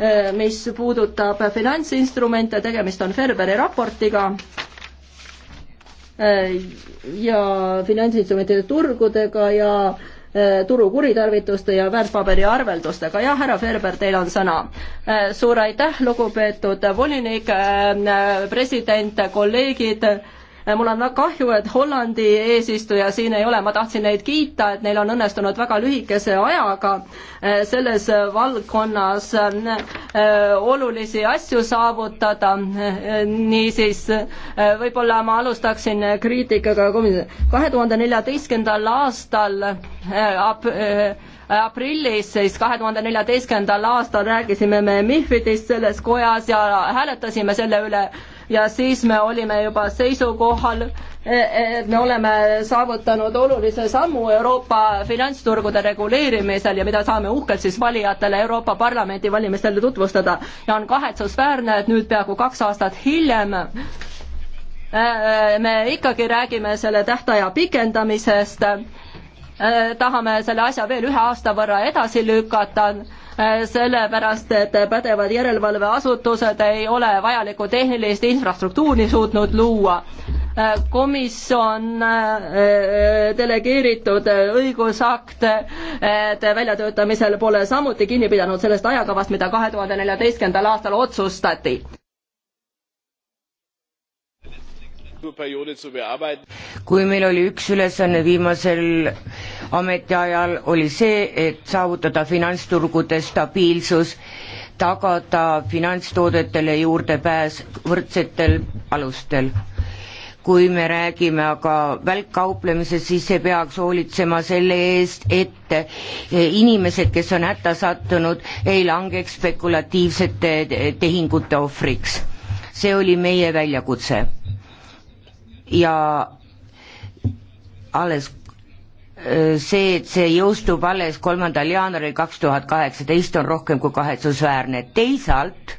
Äh, mis puudutab finantsinstrumente, tegemist on Ferberi raportiga äh, ja finantsinstrumentide turgudega ja äh, turu kuritarvituste ja väärtpaberi arveldustega. jah, härra Ferber, teil on sõna. suur aitäh, lugupeetud volinik, president, kolleegid Äh, mul on väga kahju, et Hollandi eesistuja siin ei ole, ma tahtsin neid kiita, et neil on õnnestunud väga lühikese ajaga äh, selles valdkonnas äh, olulisi asju saavutada. niisiis võib-olla ma alustaksin kriitikaga kahe tuhande neljateistkümnendal aastal ap-, aprillis siis kahe tuhande neljateistkümnendal aastal rääkisime me MIFIDist selles kojas ja hääletasime selle üle ja siis me olime juba seisukohal, et e, me oleme saavutanud olulise sammu Euroopa finantsturgude reguleerimisel ja mida saame uhkelt siis valijatele Euroopa Parlamendi valimistel tutvustada. ja on kahetsusväärne, et nüüd peaaegu kaks aastat hiljem e, e, me ikkagi räägime selle tähtaja pikendamisest, tahame selle asja veel ühe aasta võrra edasi lükata Äh, sellepärast et pädevad järelevalveasutused ei ole vajalikku tehnilist infrastruktuuri suutnud luua. Äh, komisjon äh, delegeeritud õigusakte väljatöötamisel pole samuti kinni pidanud sellest ajakavast, mida kahe tuhande neljateistkümnendal aastal otsustati kui meil oli üks ülesanne viimasel ametiajal, oli see, et saavutada finantsturgude stabiilsus, tagada finantstoodetele juurdepääs võrdsetel alustel kui me räägime aga välkkauplemisest, siis see peaks hoolitsema selle eest, et inimesed, kes on hätta sattunud, ei langeks spekulatiivsete tehingute ohvriks. see oli meie väljakutse ja alles see, et see jõustub alles kolmandal jaanuaril kaks tuhat kaheksateist, on rohkem kui kahetsusväärne, teisalt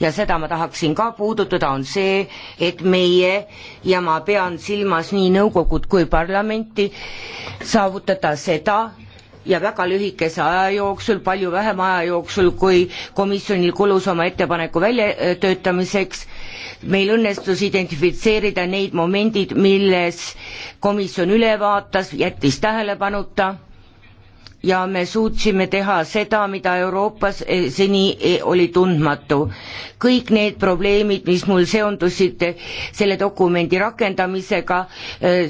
ja seda ma tahaksin ka puudutada, on see, et meie ja ma pean silmas nii nõukogud kui parlamenti, saavutada seda, ja väga lühikese aja jooksul, palju vähem aja jooksul, kui komisjonil kulus oma ettepaneku väljatöötamiseks, meil õnnestus identifitseerida neid momendid, milles komisjon üle vaatas, jättis tähelepanuta ja me suutsime teha seda, mida Euroopas eh, seni eh, oli tundmatu. kõik need probleemid, mis mul seondusid eh, selle dokumendi rakendamisega,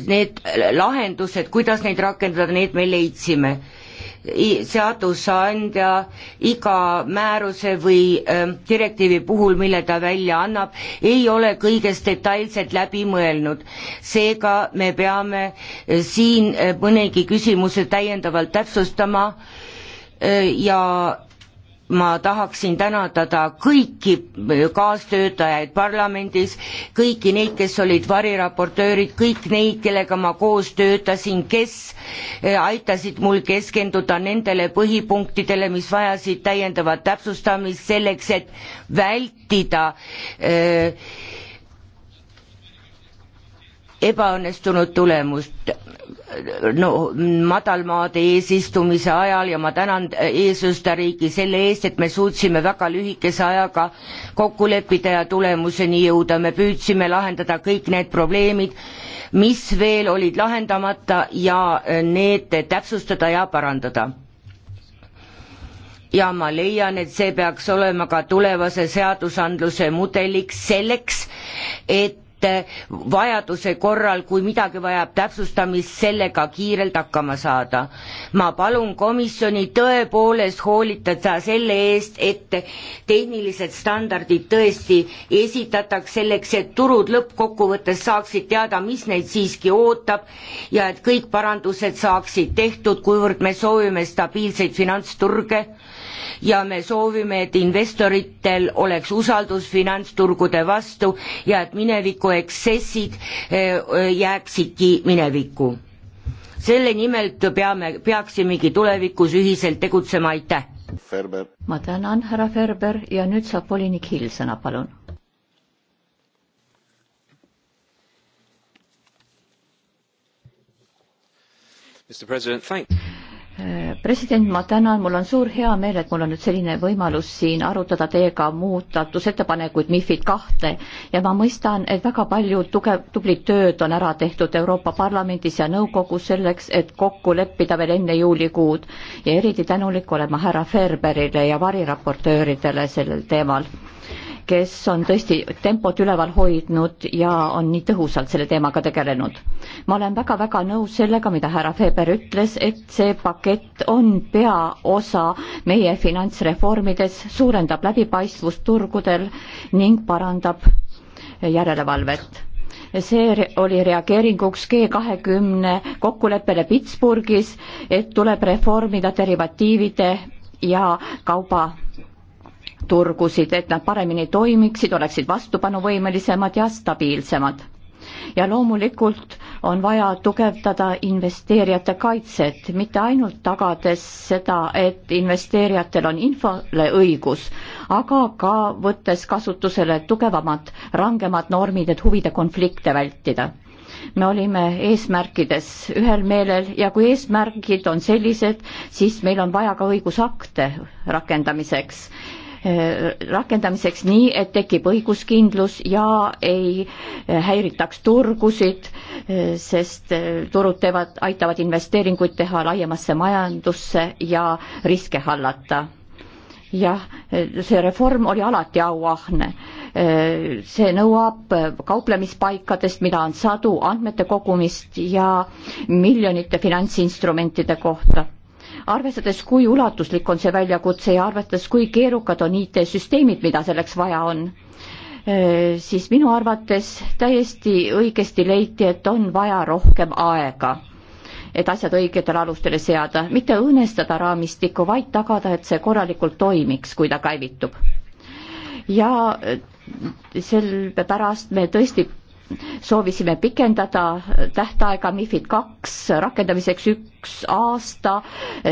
need lahendused, kuidas neid rakendada, need me leidsime seadusandja iga määruse või ähm, direktiivi puhul, mille ta välja annab, ei ole kõigest detailselt läbi mõelnud. seega me peame äh, siin äh, mõnegi küsimuse täiendavalt täpsustama äh, ja ma tahaksin tänatada kõiki kaastöötajaid parlamendis, kõiki neid, kes olid variraportöörid, kõik neid, kellega ma koos töötasin, kes eh, aitasid mul keskenduda nendele põhipunktidele, mis vajasid täiendavat täpsustamist selleks, et vältida öö, eh, ebaõnnestunud tulemust no madalmaade eesistumise ajal ja ma tänan eesistujariiki selle eest, et me suutsime väga lühikese ajaga kokku leppida ja tulemuseni jõuda, me püüdsime lahendada kõik need probleemid, mis veel olid lahendamata ja need täpsustada ja parandada ja ma leian, et see peaks olema ka tulevase seadusandluse mudeliks selleks, et ette vajaduse korral, kui midagi vajab täpsustamist, sellega kiirelt hakkama saada. ma palun komisjoni tõepoolest hoolitada selle eest, et tehnilised standardid tõesti esitataks selleks, et turud lõppkokkuvõttes saaksid teada, mis neid siiski ootab ja et kõik parandused saaksid tehtud, kuivõrd me soovime stabiilseid finantsturge ja me soovime, et investoritel oleks usaldus finantsturgude vastu ja et mineviku eksessid eh, eh, jääksidki minevikku. selle nimel peame, peaksimegi tulevikus ühiselt tegutsema, aitäh! ma tänan, härra Ferber ja nüüd saab volinik Hill sõna, palun mr president thank you. Äh, president, ma tänan, mul on suur heameel, et mul on nüüd selline võimalus siin arutada teiega muudatusettepanekuid MIFID kahte ja ma mõistan, et väga palju tugev, tublit tööd on ära tehtud Euroopa Parlamendis ja nõukogus selleks, et kokku leppida veel enne juulikuud ja eriti tänulik olen ma härra Ferberile ja variraportööridele sellel teemal kes on tõesti tempot üleval hoidnud ja on nii tõhusalt selle teemaga tegelenud. ma olen väga-väga nõus sellega, mida härra Feber ütles, et see pakett on peaosa meie finantsreformides, suurendab läbipaistvust turgudel ning parandab järelevalvet see oli reageeringuks G kahekümne kokkuleppele Pittsburghis, et tuleb reformida derivatiivide ja kauba turgusid, et nad paremini toimiksid, oleksid vastupanuvõimelisemad ja stabiilsemad. ja loomulikult on vaja tugevdada investeerijate kaitset, mitte ainult tagades seda, et investeerijatel on infole õigus, aga ka võttes kasutusele tugevamad, rangemad normid, et huvide konflikte vältida me olime eesmärkides ühel meelel ja kui eesmärgid on sellised, siis meil on vaja ka õigusakte rakendamiseks Eh, rakendamiseks nii, et tekib õiguskindlus ja ei eh, häiritaks turgusid, eh, sest turud teevad, aitavad investeeringuid teha laiemasse majandusse ja riske hallata jah, see reform oli alati auahne. see nõuab kauplemispaikadest, mida on sadu, andmete kogumist ja miljonite finantsinstrumentide kohta arvestades, kui ulatuslik on see väljakutse ja arvestades, kui keerukad on IT-süsteemid, mida selleks vaja on, eh, siis minu arvates täiesti õigesti leiti, et on vaja rohkem aega, et asjad õigetele alustele seada, mitte õõnestada raamistikku, vaid tagada, et see korralikult toimiks, kui ta käivitub. ja eh, sellepärast me tõesti soovisime pikendada tähtaega MIFID kaks rakendamiseks üks aasta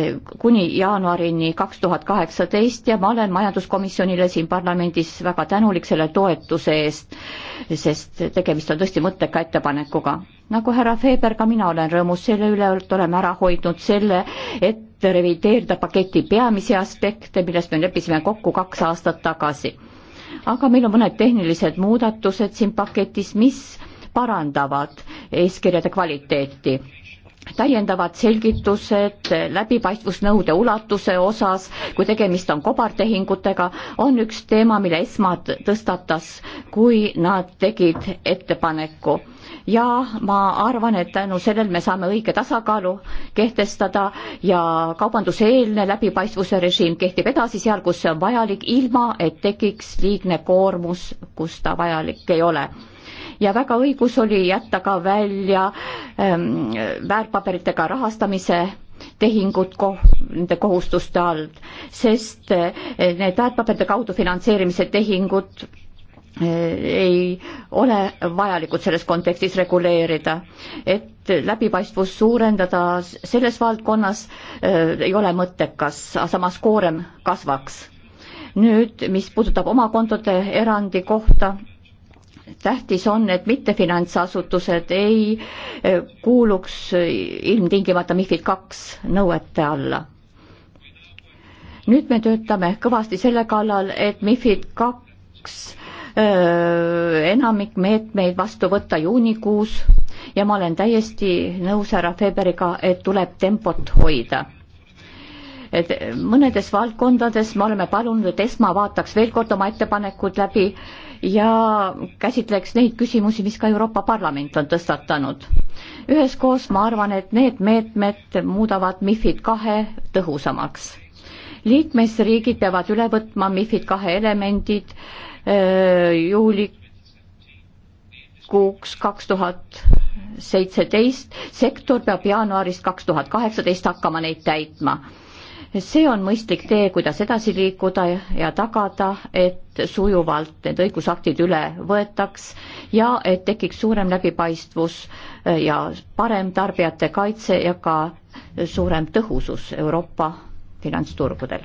eh, kuni jaanuarini kaks tuhat kaheksateist ja ma olen majanduskomisjonile siin parlamendis väga tänulik selle toetuse eest, sest tegemist on tõesti mõtteka ettepanekuga. nagu härra Feber, ka mina olen rõõmus selle üle, et oleme ära hoidnud selle, et revideerida paketi peamisi aspekte, milles me leppisime kokku kaks aastat tagasi aga meil on mõned tehnilised muudatused siin paketis, mis parandavad eeskirjade kvaliteeti täiendavad selgitused läbipaistvusnõude ulatuse osas, kui tegemist on kobartehingutega, on üks teema, mille ESMA tõstatas, kui nad tegid ettepaneku ja ma arvan, et tänu sellel me saame õige tasakaalu kehtestada ja kaubanduseelne läbipaistvuse režiim kehtib edasi seal, kus see on vajalik, ilma et tekiks liigne koormus, kus ta vajalik ei ole ja väga õigus oli jätta ka välja ähm, väärtpaberitega rahastamise tehingud ko-, nende kohustuste all, sest äh, need väärtpaberite kaudu finantseerimise tehingud Eh, ei ole vajalikud selles kontekstis reguleerida, et läbipaistvust suurendada selles valdkonnas äh, ei ole mõttekas, samas koorem kasvaks. nüüd, mis puudutab oma kontode erandi kohta, tähtis on, et mittefinantsasutused ei eh, kuuluks ilmtingimata MIFID kaks nõuete alla. nüüd me töötame kõvasti selle kallal, et MIFID kaks enamik meetmeid vastu võtta juunikuus ja ma olen täiesti nõus härra Feberiga, et tuleb tempot hoida. et mõnedes valdkondades me oleme palunud, et ESMA vaataks veel kord oma ettepanekud läbi ja käsitleks neid küsimusi, mis ka Euroopa Parlament on tõstatanud. üheskoos ma arvan, et need meetmed muudavad MIFID kahe tõhusamaks liikmesriigid peavad üle võtma MIFID kahe elemendid äh, juulikuuks kaks tuhat seitseteist, sektor peab jaanuarist kaks tuhat kaheksateist hakkama neid täitma see on mõistlik tee, kuidas edasi liikuda ja tagada, et sujuvalt need õigusaktid üle võetaks ja et tekiks suurem läbipaistvus äh, ja parem tarbijate kaitse ja ka suurem tõhusus Euroopa finantsturgudel.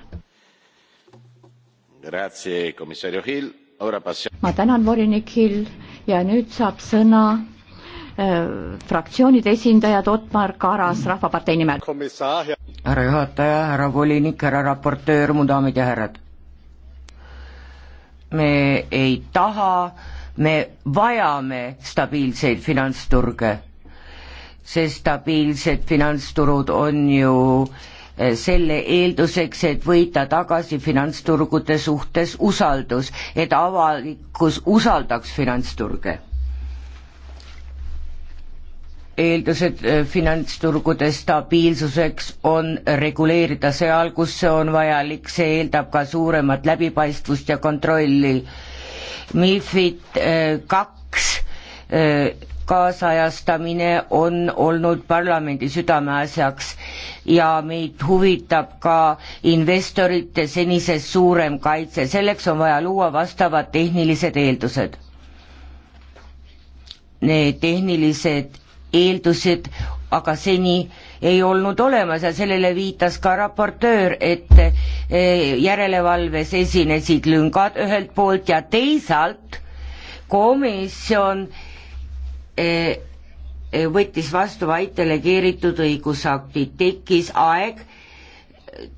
ma tänan, volinik Hill ja nüüd saab sõna äh, fraktsioonide esindajad Otmar Karas Rahvapartei nimel. härra juhataja, härra volinik, härra raportöör, mu daamid ja härrad. me ei taha, me vajame stabiilseid finantsturge, sest stabiilsed finantsturud on ju äh, selle eelduseks, et võita tagasi finantsturgude suhtes usaldus, et avalikkus usaldaks finantsturge. eeldused äh, finantsturgude stabiilsuseks on reguleerida seal, kus see on vajalik, see eeldab ka suuremat läbipaistvust ja kontrolli. MIFID äh, kaks äh, kaasajastamine on olnud parlamendi südameasjaks ja meid huvitab ka investorite senisest suurem kaitse, selleks on vaja luua vastavad tehnilised eeldused. Need tehnilised eeldused aga seni ei olnud olemas ja sellele viitas ka raportöör, et eh, järelevalves esinesid lüngad ühelt poolt ja teisalt komisjon Eh, võttis vastu vaid delegeeritud õigusaktid, tekkis aeg,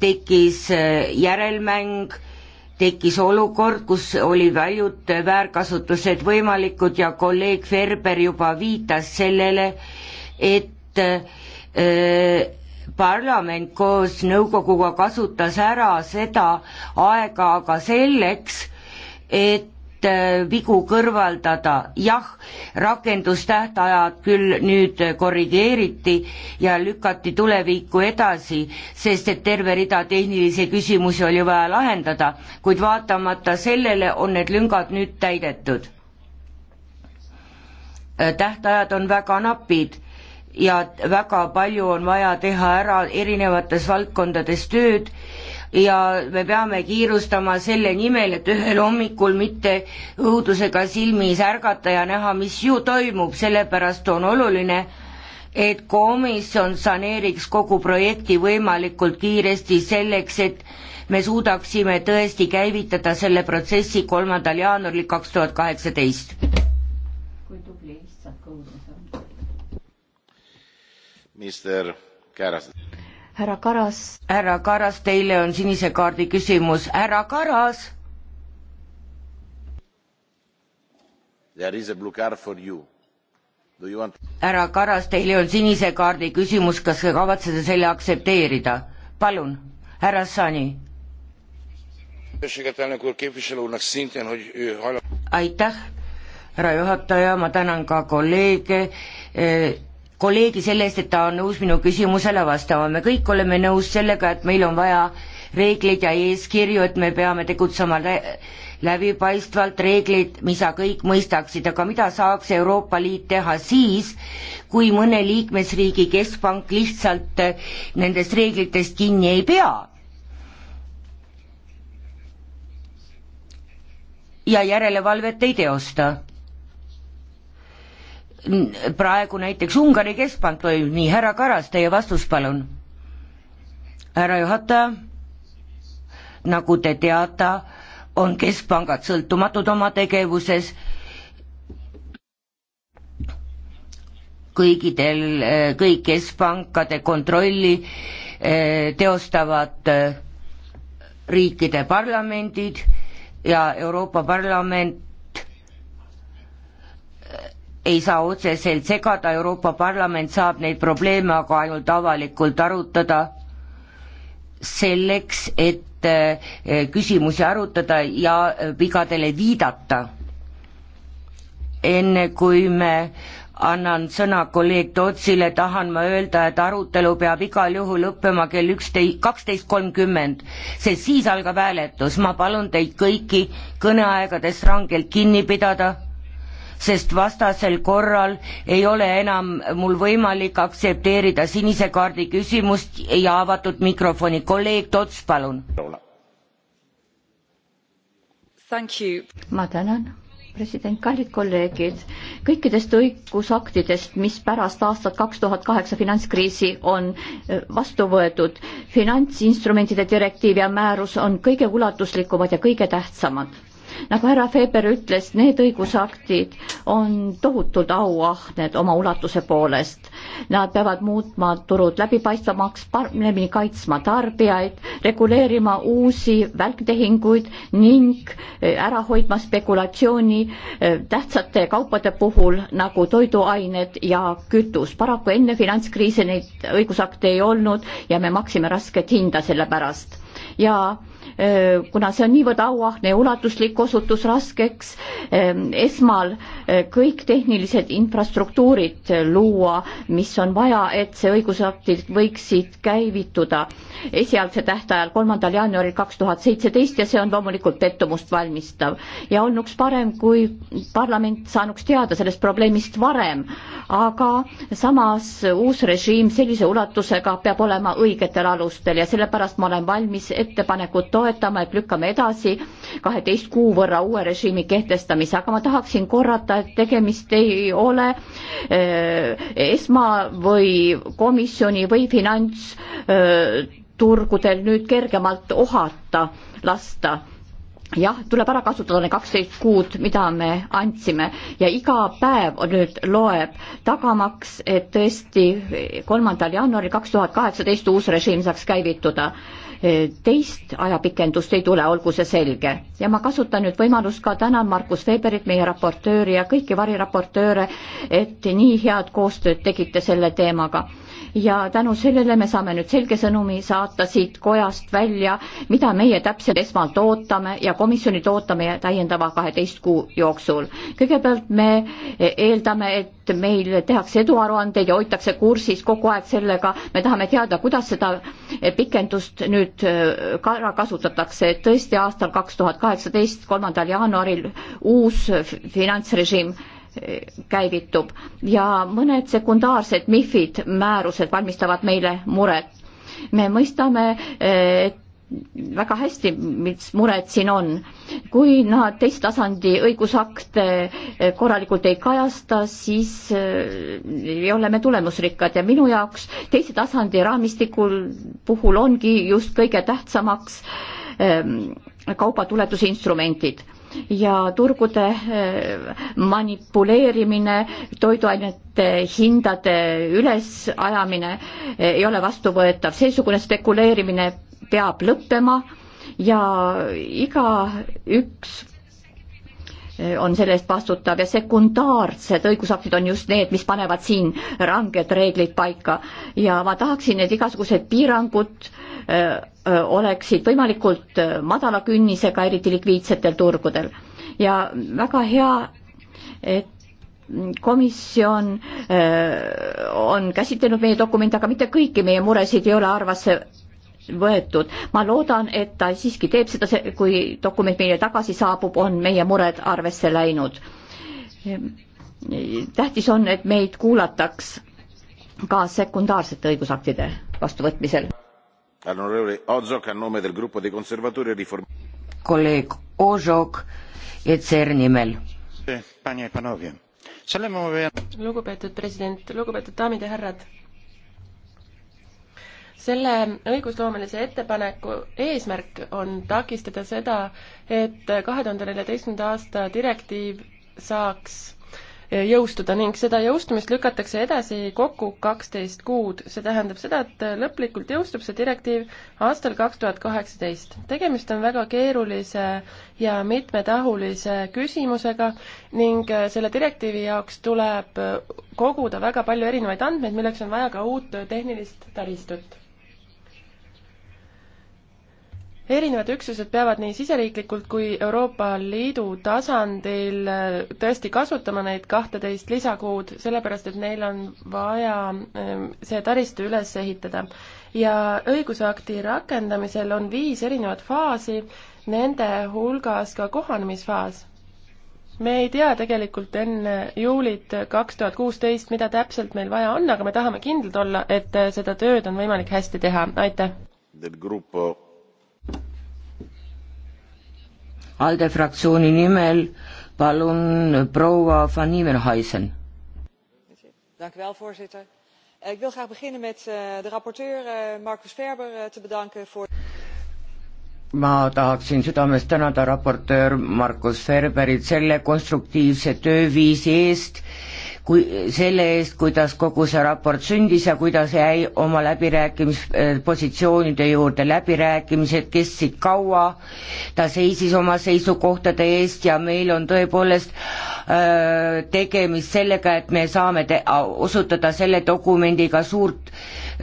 tekkis eh, järelmäng, tekkis olukord, kus olid paljud väärkasutused võimalikud ja kolleeg Ferber juba viitas sellele, et eh, parlament koos nõukoguga kasutas ära seda aega aga selleks, et et äh, vigu kõrvaldada. jah, rakendustähtajad küll nüüd korrigeeriti ja lükati tulevikku edasi, sest et terve rida tehnilisi küsimusi oli vaja lahendada, kuid vaatamata sellele on need lüngad nüüd täidetud. Äh, tähtajad on väga napid ja väga palju on vaja teha ära erinevates valdkondades tööd ja me peame kiirustama selle nimel, et ühel hommikul mitte õudusega silmis ärgata ja näha, mis ju toimub, sellepärast on oluline, et komisjon saneeriks kogu projekti võimalikult kiiresti selleks, et me suudaksime tõesti käivitada selle protsessi kolmandal jaanuaril kaks tuhat kaheksateist. kui tubli issand, kuhu me saame. minister Kääras härra Karas. härra Karas, teile on sinise kaardi küsimus, härra Karas. There is a blue card for you. Do you want? härra Karas, teile on sinise kaardi küsimus, kas te kavatsete selle aktsepteerida? palun, härra Sani. aitäh, härra juhataja, ma tänan ka kolleege eh, kolleegi selle eest, et ta on nõus minu küsimusele vastama, me kõik oleme nõus sellega, et meil on vaja reegleid ja eeskirju, et me peame tegutsema läbipaistvalt, reeglid, mida kõik mõistaksid, aga mida saaks Euroopa Liit teha siis, kui mõne liikmesriigi keskpank lihtsalt eh, nendest reeglitest kinni ei pea ja järelevalvet ei teosta praegu näiteks Ungari keskpank toimib nii, härra Karas, teie vastus palun. härra juhataja, nagu te teate, on keskpangad sõltumatud oma tegevuses, kõigidel, eh, kõik keskpankade kontrolli eh, teostavad eh, riikide parlamendid ja Euroopa Parlament ei saa otseselt segada, Euroopa Parlament saab neid probleeme aga ainult avalikult arutada, selleks, et eh, küsimusi arutada ja eh, vigadele viidata. enne kui me annan sõna kolleeg Tootsile, tahan ma öelda, et arutelu peab igal juhul lõppema kell üksteist, kaksteist kolmkümmend, sest siis algab hääletus, ma palun teid kõiki kõneaegadest rangelt kinni pidada sest vastasel korral ei ole enam mul võimalik aktsepteerida sinise kaardi küsimust ja avatud mikrofoni. kolleeg Tots, palun. ma tänan president, kallid kolleegid, kõikidest õigusaktidest, mis pärast aastat kaks tuhat kaheksa finantskriisi on eh, vastu võetud, finantsinstrumentide direktiiv ja määrus on kõige ulatuslikumad ja kõige tähtsamad nagu härra Feber ütles, need õigusaktid on tohutult auahned oma ulatuse poolest. Nad peavad muutma turud läbipaistvamaks, paremini kaitsma tarbijaid, reguleerima uusi välktehinguid ning eh, ära hoidma spekulatsiooni eh, tähtsate kaupade puhul nagu toiduained ja kütus. paraku enne finantskriisi neid õigusakte ei olnud ja me maksime rasket hinda selle pärast ja Äh, kuna see on niivõrd auahne ja ulatuslik, osutus raskeks ähm, esmal äh, kõik tehnilised infrastruktuurid äh, luua, mis on vaja, et see õigusaktid võiksid käivituda esialgse tähtajal, kolmandal jaanuaril kaks tuhat seitseteist ja see on loomulikult pettumust valmistav. ja olnuks parem, kui parlament saanuks teada sellest probleemist varem, aga samas uus režiim sellise ulatusega peab olema õigetel alustel ja sellepärast ma olen valmis ettepanekut toetama, toetama, et lükkame edasi kaheteist kuu võrra uue režiimi kehtestamise, aga ma tahaksin korrata, et tegemist ei ole eh, esma- või komisjoni või finantsturgudel eh, nüüd kergemalt ohata lasta jah, tuleb ära kasutada need kaksteist kuud, mida me andsime ja iga päev nüüd loeb tagamaks, et tõesti kolmandal jaanuaril kaks tuhat kaheksateist uus režiim saaks käivituda teist ajapikendust ei tule, olgu see selge. ja ma kasutan nüüd võimalust ka tänan Markus Veberit, meie raportööri ja kõiki variraportööre, et nii head koostööd tegite selle teemaga ja tänu sellele me saame nüüd selge sõnumi saata siit kojast välja, mida meie täpselt esmalt ootame ja komisjonilt ootame täiendava kaheteist kuu jooksul. kõigepealt me eeldame, et meil tehakse eduaruandeid ja hoitakse kursis kogu aeg sellega, me tahame teada, kuidas seda pikendust nüüd nüüd äh, ära kasutatakse, et tõesti aastal kaks tuhat kaheksateist, kolmandal jaanuaril uus finantsrežiim äh, käivitub ja mõned sekundaarsed MIFid, määrused valmistavad meile muret. me mõistame, äh, et väga hästi, mis mured siin on. kui nad teise tasandi õigusakte korralikult ei kajasta, siis äh, ei ole me tulemusrikkad ja minu jaoks teise tasandi raamistikul puhul ongi just kõige tähtsamaks ähm, kaubatuletuse instrumendid ja turgude äh, manipuleerimine, toiduainete hindade ülesajamine äh, ei ole vastuvõetav, seesugune spekuleerimine peab lõppema ja igaüks on selle eest vastutav ja sekundaarsed õigusaktid on just need, mis panevad siin ranged reeglid paika ja ma tahaksin, et igasugused piirangud öö, äh, äh, oleksid võimalikult äh, madala künnisega, eriti likviidsetel turgudel. ja väga hea, et komisjon öö, on käsitlenud meie dokumente, aga mitte kõiki meie muresid ei ole arvasse võetud. ma loodan, et ta siiski teeb seda, kui dokument meile tagasi saabub, on meie mured arvesse läinud. tähtis on, et meid kuulataks ka sekundaarsete õigusaktide vastuvõtmisel. kolleeg Ožok, ECR nimel. lugupeetud president, lugupeetud daamid ja härrad selle õigusloomelise ettepaneku eesmärk on takistada seda, et kahe tuhande neljateistkümnenda aasta direktiiv saaks jõustuda ning seda jõustumist lükatakse edasi kokku kaksteist kuud. see tähendab seda, et lõplikult jõustub see direktiiv aastal kaks tuhat kaheksateist. tegemist on väga keerulise ja mitmetahulise küsimusega ning selle direktiivi jaoks tuleb koguda väga palju erinevaid andmeid, milleks on vaja ka uut tehnilist taristut erinevad üksused peavad nii siseriiklikult kui Euroopa Liidu tasandil äh, tõesti kasutama neid kahteteist lisakuud, sellepärast et neil on vaja ähm, see taristu üles ehitada. ja õigusakti rakendamisel on viis erinevat faasi, nende hulgas ka kohanemisfaas. me ei tea tegelikult enne juulit kaks tuhat kuusteist, mida täpselt meil vaja on, aga me tahame kindlad olla, et äh, seda tööd on võimalik hästi teha, aitäh! ALDE fraktsiooni nimel palun proua van Nieuwenhuisen. Dank u wel, voorzitter. Eh, ik wil graag beginnen met eh, de rapporteur eh, Marcus Ferber te bedanken voor ma tahaksin südamest tänada raportöör Markus Ferberit selle konstruktiivse tööviisi eest, kui selle eest, kuidas kogu see raport sündis ja kuidas jäi oma läbirääkimispositsioonide äh, juurde, läbirääkimised kestsid kaua, ta seisis oma seisukohtade eest ja meil on tõepoolest öö, äh, tegemist sellega, et me saame te-, osutada selle dokumendiga suurt öö,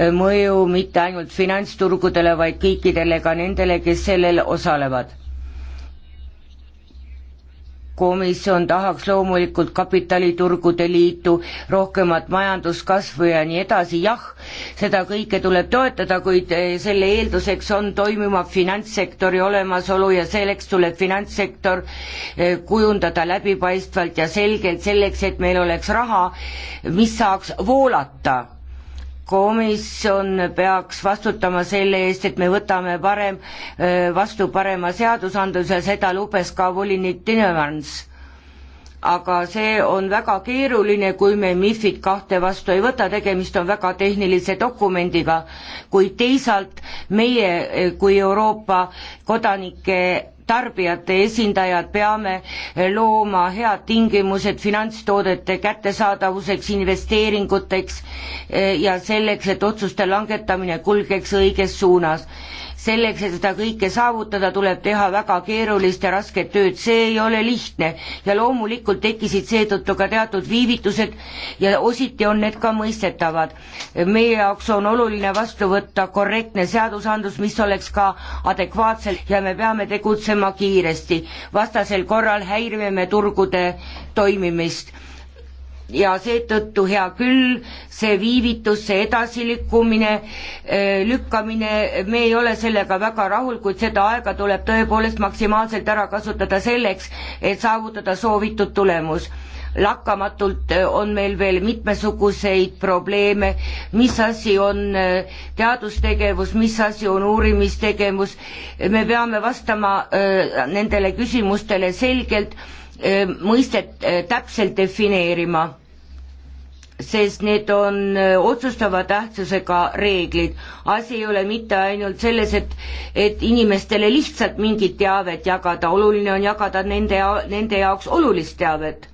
äh, mõju mitte ainult finantsturgudele, vaid kõikidele, ka nendele, kes sellel osalevad komisjon tahaks loomulikult kapitaliturgude liitu, rohkemat majanduskasvu ja nii edasi, jah, seda kõike tuleb toetada, kuid eh, selle eelduseks on toimima finantssektori olemasolu ja selleks tuleb finantssektor eh, kujundada läbipaistvalt ja selgelt selleks, et meil oleks raha, mis saaks voolata komisjon peaks vastutama selle eest, et me võtame parem, vastu parema seadusandluse, seda lubas ka volinik Timmermans. aga see on väga keeruline, kui me MIFID kahte vastu ei võta, tegemist on väga tehnilise dokumendiga, kuid teisalt meie kui Euroopa kodanike tarbijate esindajad peame looma head tingimused finantstoodete kättesaadavuseks, investeeringuteks eh, ja selleks, et otsuste langetamine kulgeks õiges suunas selleks, et seda kõike saavutada, tuleb teha väga keerulist ja rasket tööd, see ei ole lihtne ja loomulikult tekkisid seetõttu ka teatud viivitused ja ositi on need ka mõistetavad. meie jaoks on oluline vastu võtta korrektne seadusandlus, mis oleks ka adekvaatselt ja me peame tegutsema kiiresti, vastasel korral häirime me turgude toimimist ja seetõttu hea küll, see viivitus, see edasilükkumine, eh, lükkamine, me ei ole sellega väga rahul, kuid seda aega tuleb tõepoolest maksimaalselt ära kasutada selleks, et saavutada soovitud tulemus lakkamatult eh, on meil veel mitmesuguseid probleeme, mis asi on eh, teadustegevus, mis asi on uurimistegevus, me peame vastama nendele küsimustele selgelt mõistet täpselt defineerima, sest need on otsustava tähtsusega reeglid. asi ei ole mitte ainult selles, et, et inimestele lihtsalt mingit teavet jagada, oluline on jagada nende, nende jaoks olulist teavet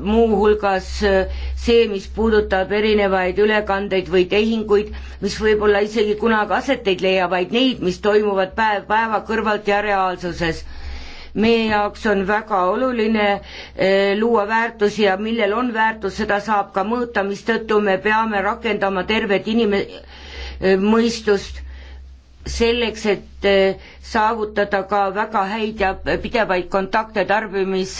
muuhulgas see, mis puudutab erinevaid ülekandeid või tehinguid, mis võib-olla isegi kunagi aset ei leia, vaid neid, mis toimuvad päev päeva kõrvalt ja reaalsuses meie jaoks on väga oluline eh, luua väärtusi ja millel on väärtus, seda saab ka mõõta, mistõttu me peame rakendama tervet inim-, eh, mõistust selleks, et eh, saavutada ka väga häid ja pidevaid kontakte tarbimis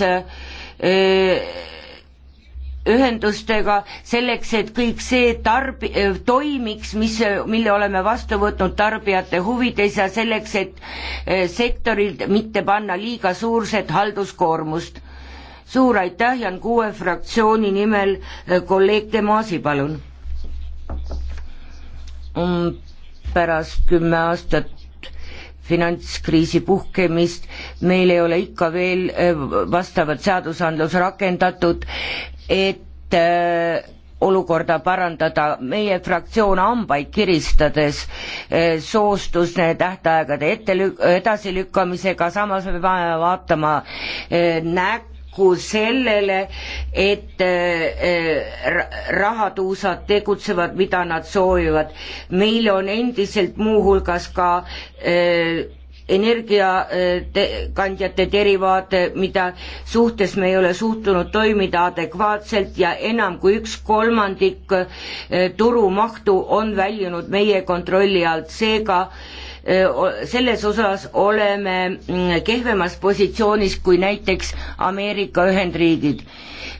ühendustega selleks, et kõik see tarb-, äh, toimiks, mis, mille oleme vastu võtnud tarbijate huvides ja selleks, et äh, sektoril mitte panna liiga suurset halduskoormust. suur aitäh, Jan Kuue fraktsiooni nimel äh, kolleeg Demasi, palun. Mm, pärast kümme aastat finantskriisi puhkemist, meil ei ole ikka veel äh, vastavat seadusandlus rakendatud, et äh, olukorda parandada, meie fraktsioon hambaid kiristades äh, soostus tähtaegade ette lük-, edasilükkamisega, samas me peame vaatama näkku, paraku sellele, et äh, rahatuusad tegutsevad, mida nad soovivad. meil on endiselt muuhulgas ka äh, energiakandjate äh, derivaate, mida suhtes me ei ole suhtunud toimida adekvaatselt ja enam kui üks kolmandik turumahtu on väljunud meie kontrolli alt, seega äh, selles osas oleme mm, kehvemas positsioonis kui näiteks Ameerika Ühendriigid.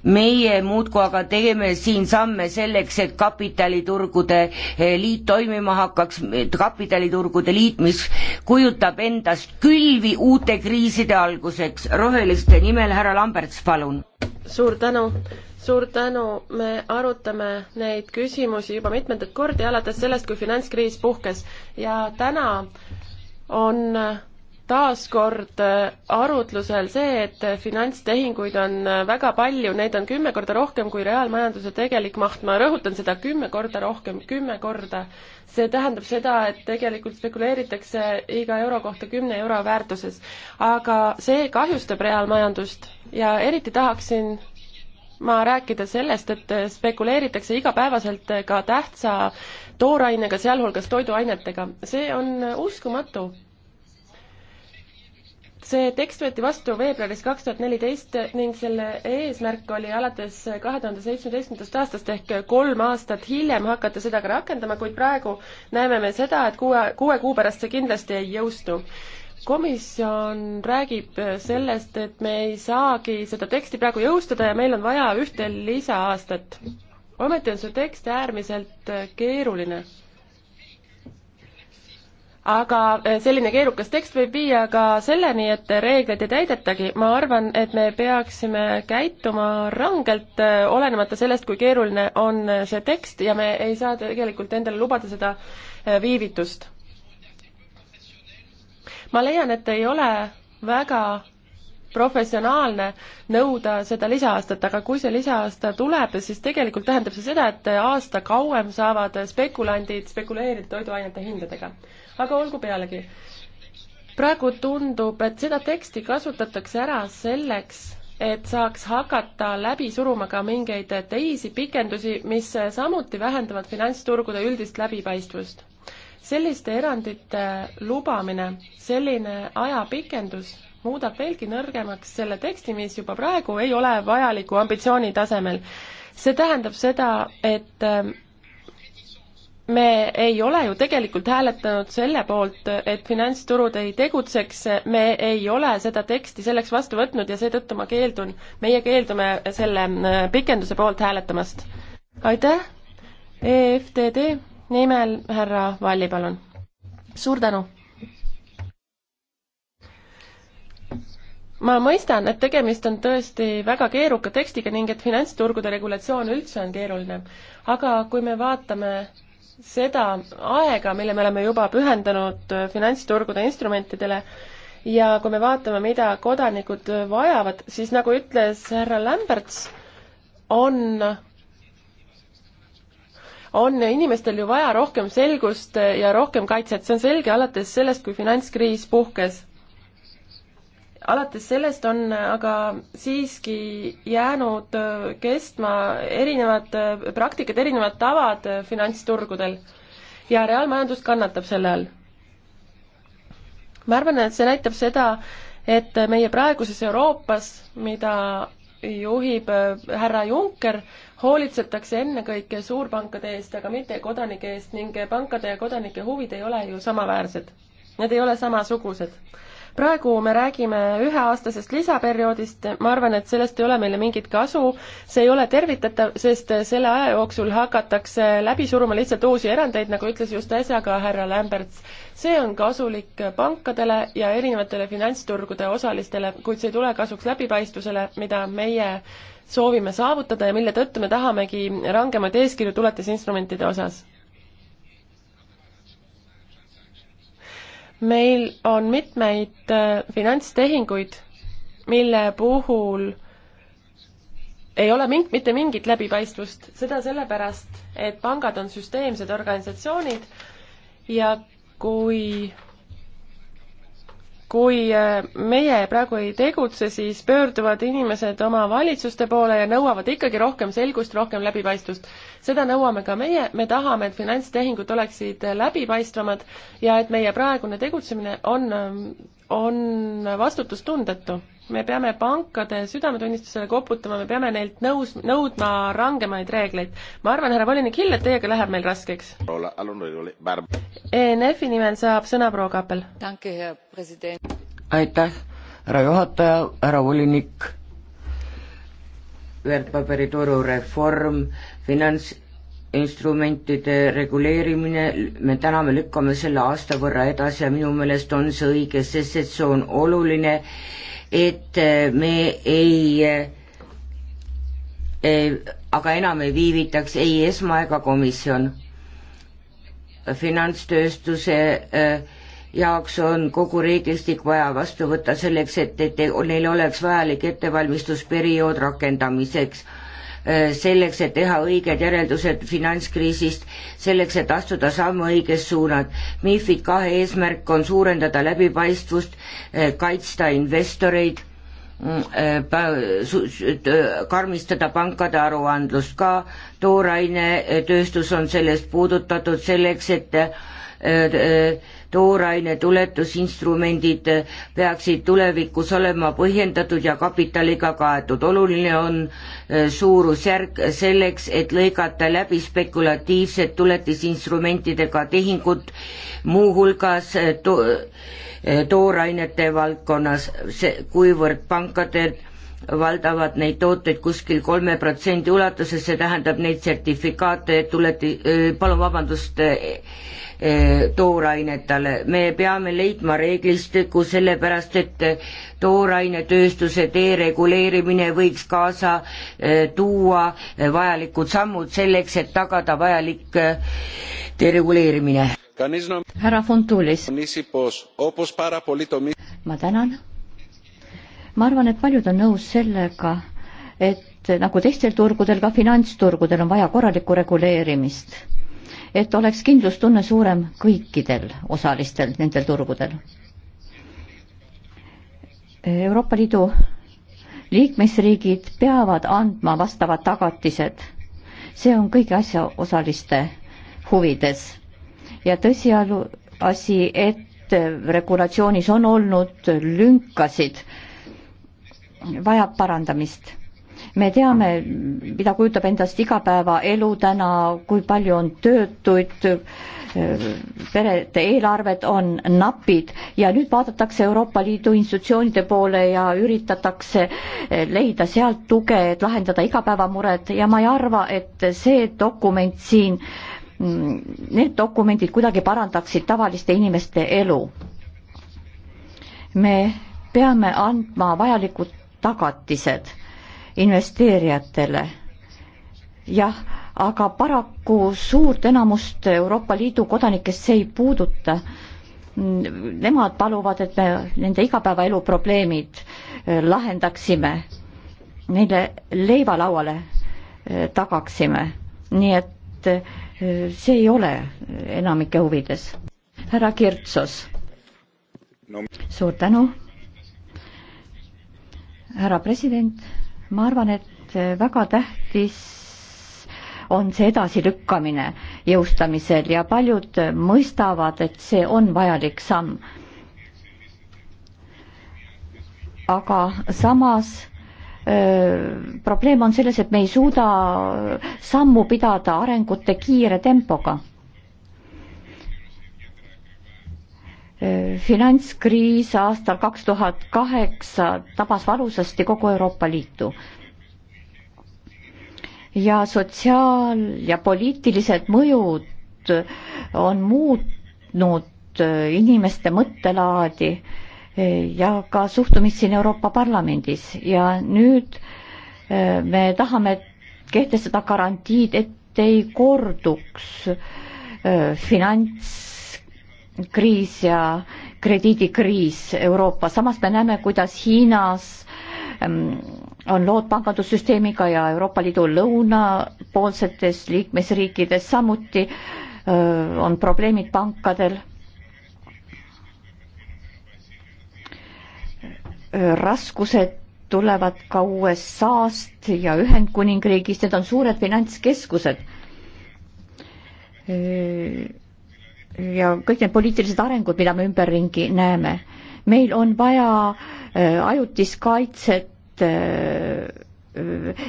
meie muudkui aga tegeme siin samme selleks, et kapitaliturgude eh, liit toimima hakkaks, kapitaliturgude liit, mis kujutab endast külvi uute kriiside alguseks. roheliste nimel härra Lamberts, palun. suur tänu suur tänu, me arutame neid küsimusi juba mitmendat korda alates sellest, kui finantskriis puhkes ja täna on taas kord arutlusel see, et finantstehinguid on väga palju, neid on kümme korda rohkem kui reaalmajanduse tegelik maht, ma rõhutan seda kümme korda rohkem, kümme korda. see tähendab seda, et tegelikult spekuleeritakse iga euro kohta kümne euro väärtuses. aga see kahjustab reaalmajandust ja eriti tahaksin ma rääkida sellest, et spekuleeritakse igapäevaselt ka tähtsa toorainega, sealhulgas toiduainetega. see on uskumatu. see tekst võeti vastu veebruaris kaks tuhat neliteist ning selle eesmärk oli alates kahe tuhande seitsmeteistkümnendast aastast ehk kolm aastat hiljem hakata seda ka rakendama, kuid praegu näeme me seda, et kuue, kuue kuu pärast see kindlasti ei jõustu komisjon räägib äh, sellest, et me ei saagi seda teksti praegu jõustada ja meil on vaja ühte lisaaastat. ometi on see tekst äärmiselt äh, keeruline. aga äh, selline keerukas tekst võib viia ka selleni, et reegleid ei täidetagi. ma arvan, et me peaksime käituma rangelt, olenemata sellest, kui keeruline on see tekst ja me ei saa tegelikult endale lubada seda viivitust ma leian, et ei ole väga professionaalne nõuda seda lisaaastat, aga kui see lisaaasta tuleb, siis tegelikult tähendab see seda, et aasta kauem saavad spekulandid spekuleerida toiduainete hindadega. aga olgu pealegi, praegu tundub, et seda teksti kasutatakse ära selleks, et saaks hakata läbi suruma ka mingeid teisi pikendusi, mis samuti vähendavad finantsturgude üldist läbipaistvust selliste erandite lubamine, selline ajapikendus muudab veelgi nõrgemaks selle teksti, mis juba praegu ei ole vajaliku ambitsiooni tasemel. see tähendab seda, et ähm, me ei ole ju tegelikult hääletanud selle poolt, et finantsturud ei tegutseks, me ei ole seda teksti selleks vastu võtnud ja seetõttu ma keeldun, meie keeldume selle äh, pikenduse poolt hääletamast. aitäh, EFTD! nimel härra Valli, palun. suur tänu. ma mõistan, et tegemist on tõesti väga keeruka tekstiga ning et finantsturgude regulatsioon üldse on keeruline. aga kui me vaatame seda aega, mille me oleme juba pühendanud finantsturgude instrumentidele, ja kui me vaatame, mida kodanikud vajavad, siis nagu ütles härra Lämberts, on on inimestel ju vaja rohkem selgust ja rohkem kaitset, see on selge alates sellest, kui finantskriis puhkes. alates sellest on aga siiski jäänud kestma erinevad praktikad, erinevad tavad finantsturgudel ja reaalmajandus kannatab selle all. ma arvan, et see näitab seda, et meie praeguses Euroopas, mida juhib äh, härra Juncker, hoolitsetakse ennekõike suurpankade eest, aga mitte kodanike eest ning pankade ja kodanike huvid ei ole ju samaväärsed. Need ei ole samasugused praegu me räägime üheaastasest lisaperioodist, ma arvan, et sellest ei ole meile mingit kasu, see ei ole tervitatav, sest selle aja jooksul hakatakse läbi suruma lihtsalt uusi erandeid, nagu ütles just äsja ka härra Lämberts. see on kasulik pankadele ja erinevatele finantsturgude osalistele, kuid see ei tule kasuks läbipaistvusele, mida meie soovime saavutada ja mille tõttu me tahamegi rangemaid eeskirju tuletisinstrumentide osas meil on mitmeid äh, finantstehinguid, mille puhul ei ole ming-, mitte mingit läbipaistvust, seda sellepärast, et pangad on süsteemsed organisatsioonid ja kui kui äh, meie praegu ei tegutse, siis pöörduvad inimesed oma valitsuste poole ja nõuavad ikkagi rohkem selgust, rohkem läbipaistvust. seda nõuame ka meie, me tahame, et finantstehingud oleksid äh, läbipaistvamad ja et meie praegune tegutsemine on, äh, on vastutustundetu me peame pankade südametunnistusele koputama, me peame neilt nõus, nõudma rangemaid reegleid. ma arvan, härra volinik Hill, et teiega läheb meil raskeks. ENF-i nimel saab sõna proua Kappel. aitäh, härra juhataja, härra volinik, väärtpaberituru reform, finants, instrumentide reguleerimine, me täna me lükkame selle aasta võrra edasi ja minu meelest on see õige, sest et see on oluline et äh, me ei, ei, äh, aga enam ei viivitaks ei ESMA ega komisjon. finantstööstuse äh, jaoks on kogu reeglistik vaja vastu võtta selleks, et, et neil oleks vajalik ettevalmistusperiood rakendamiseks selleks, et teha õiged järeldused finantskriisist, selleks, et astuda samme õiges suunad. MIFID kahe eesmärk on suurendada läbipaistvust, eh, kaitsta investoreid, mm, eh, eh, karmistada pankade aruandlust ka, tooraine tööstus on sellest puudutatud selleks, et Äh, äh, tooraine tuletusinstrumendid peaksid tulevikus olema põhjendatud ja kapitaliga kaetud. oluline on äh, suurusjärk selleks, et lõigata läbi spekulatiivset tuletisinstrumentidega tehingut, muuhulgas to toorainete valdkonnas, see, kuivõrd pankadel valdavad neid tooteid kuskil kolme protsendi ulatuses, see tähendab neid sertifikaate tuleti, palun vabandust, Eh, toorainetele. me peame leidma reeglistiku, sellepärast et eh, toorainetööstuse dereguleerimine võiks kaasa eh, tuua vajalikud sammud selleks, et tagada vajalik dereguleerimine. härra Fontulis. ma tänan. ma arvan, et paljud on nõus sellega, et nagu teistel turgudel, ka finantsturgudel on vaja korralikku reguleerimist et oleks kindlustunne suurem kõikidel osalistel nendel turgudel. Euroopa Liidu liikmesriigid peavad andma vastavad tagatised. see on kõigi asjaosaliste huvides ja tõsialu, asi, et regulatsioonis on olnud lünkasid, vajab parandamist me teame, mida kujutab endast igapäevaelu täna, kui palju on töötuid, perede eelarved on napid ja nüüd vaadatakse Euroopa Liidu institutsioonide poole ja üritatakse leida sealt tuge, et lahendada igapäevamured ja ma ei arva, et see dokument siin, need dokumendid kuidagi parandaksid tavaliste inimeste elu. me peame andma vajalikud tagatised investeerijatele. jah, aga paraku suurt enamust Euroopa Liidu kodanikest see ei puuduta. Nemad paluvad, et me nende igapäevaelu probleemid eh, lahendaksime, neile leiva lauale eh, tagaksime, nii et eh, see ei ole enamike huvides. härra Kirtsos no.. suur tänu. härra president ma arvan, et äh, väga tähtis on see edasilükkamine jõustamisel ja paljud äh, mõistavad, et see on vajalik samm. aga samas öö, äh, probleem on selles, et me ei suuda sammu pidada arengute kiire tempoga finantskriis aastal kaks tuhat kaheksa tabas valusasti kogu Euroopa Liitu. ja sotsiaal- ja poliitilised mõjud on muutnud inimeste mõttelaadi ja ka suhtumist siin Euroopa Parlamendis ja nüüd eh, me tahame kehtestada garantiid, et ei korduks eh, finants kriis ja krediidikriis Euroopas, samas me näeme, kuidas Hiinas ähm, on lood pangandussüsteemiga ja Euroopa Liidu lõunapoolsetes liikmesriikides samuti äh, on probleemid pankadel. raskused tulevad ka USA-st ja Ühendkuningriigist, need on suured finantskeskused äh, ja kõik need poliitilised arengud, mida me ümberringi näeme. meil on vaja äh, ajutist kaitset, äh,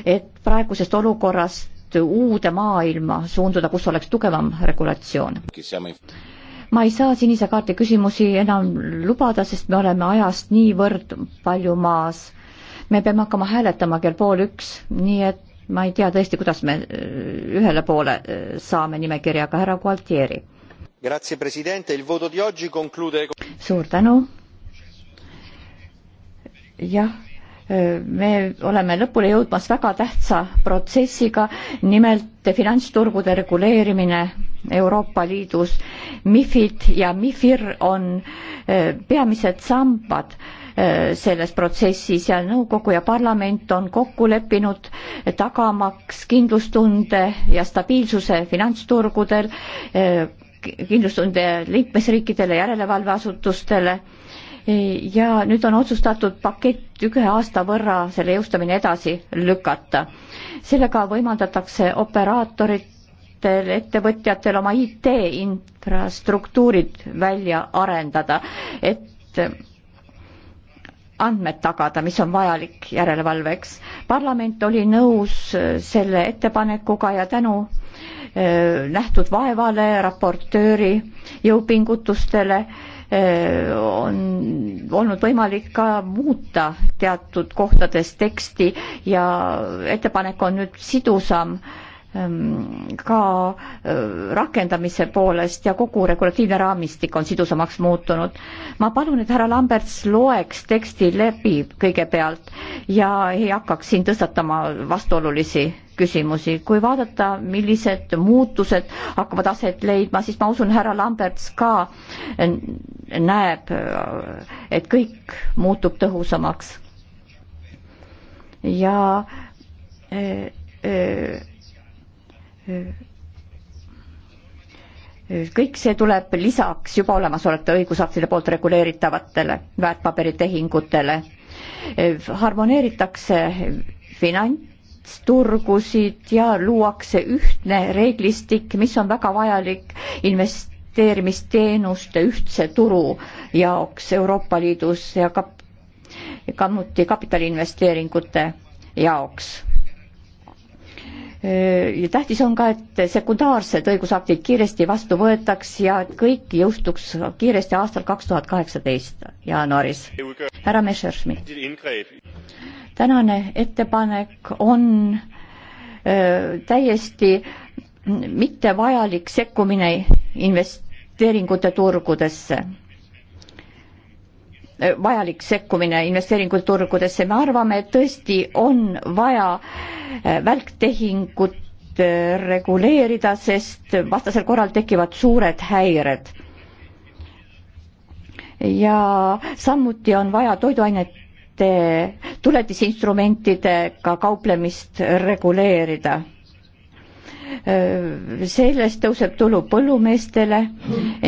et praegusest olukorrast uude maailma suunduda, kus oleks tugevam regulatsioon. ma ei saa sinise kaarti küsimusi enam lubada, sest me oleme ajast niivõrd palju maas. me peame hakkama hääletama kell pool üks, nii et ma ei tea tõesti, kuidas me äh, ühele poole saame nimekirjaga, härra Gualtieri suur tänu. jah, eh, me oleme lõpule jõudmas väga tähtsa protsessiga, nimelt finantsturgude reguleerimine Euroopa Liidus. MIFID ja MIFIR on eh, peamised sambad eh, selles protsessis ja nõukogu ja parlament on kokku leppinud tagamaks kindlustunde ja stabiilsuse finantsturgudel kindlustunde liikmesriikidele, järelevalveasutustele ja nüüd on otsustatud pakett ühe aasta võrra selle jõustamine edasi lükata. sellega võimaldatakse operaatoritel, ettevõtjatel oma IT-infrastruktuurid välja arendada, et andmed tagada, mis on vajalik järelevalveks. parlament oli nõus selle ettepanekuga ja tänu äh, Äh, nähtud vaevale, raportööri jõupingutustele äh, on olnud võimalik ka muuta teatud kohtades teksti ja ettepanek on nüüd sidusam Ehm, ka eh, rakendamise poolest ja kogu regulatiivne raamistik on sidusamaks muutunud. ma palun, et härra Lamberts loeks teksti läbi kõigepealt ja ei hakkaks siin tõstatama vastuolulisi küsimusi. kui vaadata, millised muutused hakkavad aset leidma, siis ma usun, härra Lamberts ka näeb, eh, et kõik muutub tõhusamaks. ja öö, eh, öö, kõik see tuleb lisaks juba olemasolevate õigusaktide poolt reguleeritavatele väärtpaberitehingutele. harmoneeritakse finantsturgusid ja luuakse ühtne reeglistik, mis on väga vajalik investeerimisteenuste ühtse turu jaoks Euroopa Liidus ja kap-, samuti kapitaliinvesteeringute jaoks Äh, ja tähtis on ka, et sekundaarsed õigusaktid kiiresti vastu võetaks ja et kõik jõustuks kiiresti aastal kaks tuhat kaheksateist jaanuaris. härra Messerschmidt, tänane ettepanek on öö, äh, täiesti mittevajalik sekkumine investeeringute turgudesse Äh, vajalik sekkumine investeeringuturgudesse, me arvame, et tõesti on vaja äh, välktehingut äh, reguleerida, sest vastasel korral tekivad suured häired. ja samuti on vaja toiduainete tuletisinstrumentidega kauplemist reguleerida Äh, sellest tõuseb tulu põllumeestele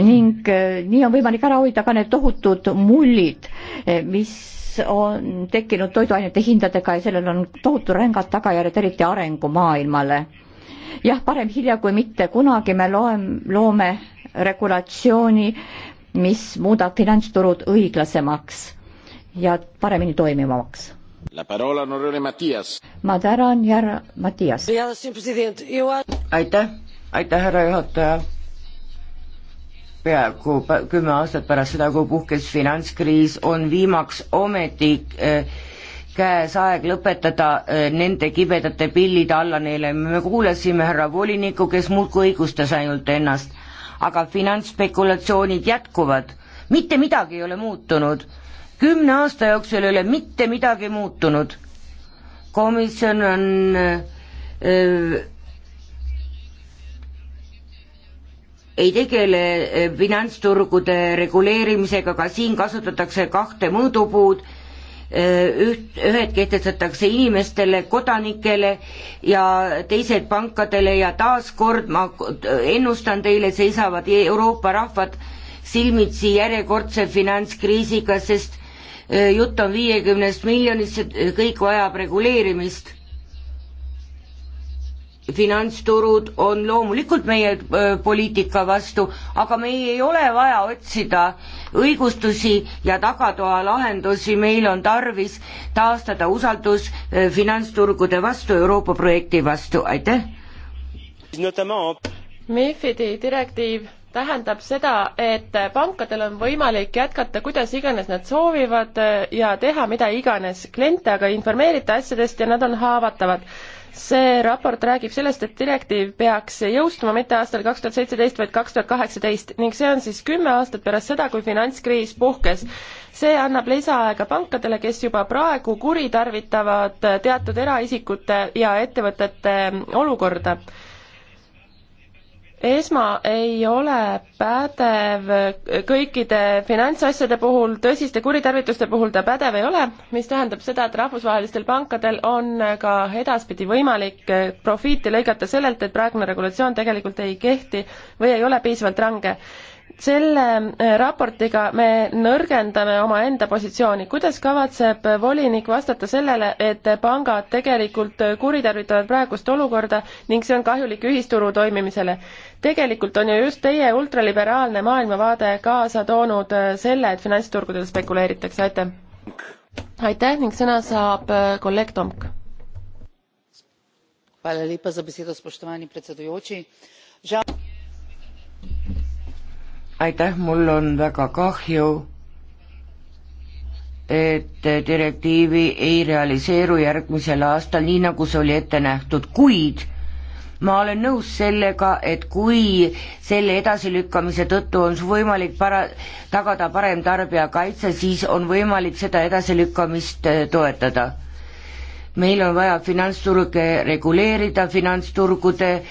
ning äh, nii on võimalik ära hoida ka need tohutud mullid, äh, mis on tekkinud toiduainete hindadega ja sellel on tohutu rängad tagajärjed, eriti arengumaailmale. jah, parem hilja kui mitte kunagi me loeme, loome regulatsiooni, mis muudab finantsturud õiglasemaks ja paremini toimivamaks ma tänan, härra Mattias. aitäh, aitäh, härra juhataja. peaaegu kümme aastat pärast seda, kui puhkes finantskriis, on viimaks ometi eh, käes aeg lõpetada eh, nende kibedate pillide alla neile, me kuulasime härra volinikku, kes muudkui õigustas ainult ennast, aga finantsspekulatsioonid jätkuvad, mitte midagi ei ole muutunud kümne aasta jooksul ei ole mitte midagi muutunud. komisjon on öö, äh, äh, ei tegele äh, finantsturgude reguleerimisega, ka siin kasutatakse kahte mõõdupuud, üht, ühed kehtestatakse inimestele, kodanikele ja teised pankadele ja taaskord ma ennustan teile, seisavad Euroopa rahvad silmitsi järjekordse finantskriisiga, sest Äh, jutt on viiekümnest miljonist, see äh, kõik vajab reguleerimist. finantsturud on loomulikult meie äh, poliitika vastu, aga meil ei ole vaja otsida õigustusi ja tagatoa lahendusi, meil on tarvis taastada usaldus finantsturgude vastu, Euroopa projekti vastu, aitäh! Mifidi direktiiv tähendab seda, et pankadel on võimalik jätkata, kuidas iganes nad soovivad eh, ja teha mida iganes. kliente aga ei informeerita asjadest ja nad on haavatavad. see raport räägib sellest, et direktiiv peaks jõustuma mitte aastal kaks tuhat seitseteist, vaid kaks tuhat kaheksateist ning see on siis kümme aastat pärast seda, kui finantskriis puhkes. see annab lisaaega pankadele, kes juba praegu kuritarvitavad teatud eraisikute ja ettevõtete olukorda esma ei ole pädev kõikide finantsasjade puhul, tõsiste kuritarvituste puhul ta pädev ei ole, mis tähendab seda, et rahvusvahelistel pankadel on ka edaspidi võimalik profiiti lõigata sellelt, et praegune regulatsioon tegelikult ei kehti või ei ole piisavalt range selle äh, raportiga me nõrgendame omaenda positsiooni. kuidas kavatseb volinik vastata sellele, et pangad tegelikult kuritarvitavad praegust olukorda ning see on kahjulik ühisturu toimimisele? tegelikult on ju just teie ultraliberaalne maailmavaade kaasa toonud äh, selle, et finantsturgudel spekuleeritakse, aitäh! aitäh ning sõna saab äh, kolleeg Tomk. hvala lepa za besedo, spoštovani predsedujoči. žal aitäh, mul on väga kahju, et direktiivi ei realiseeru järgmisel aastal, nii nagu see oli ette nähtud, kuid ma olen nõus sellega, et kui selle edasilükkamise tõttu on võimalik para-, tagada parem tarbijakaitse, siis on võimalik seda edasilükkamist äh, toetada. meil on vaja finantsturge reguleerida, finantsturgude äh,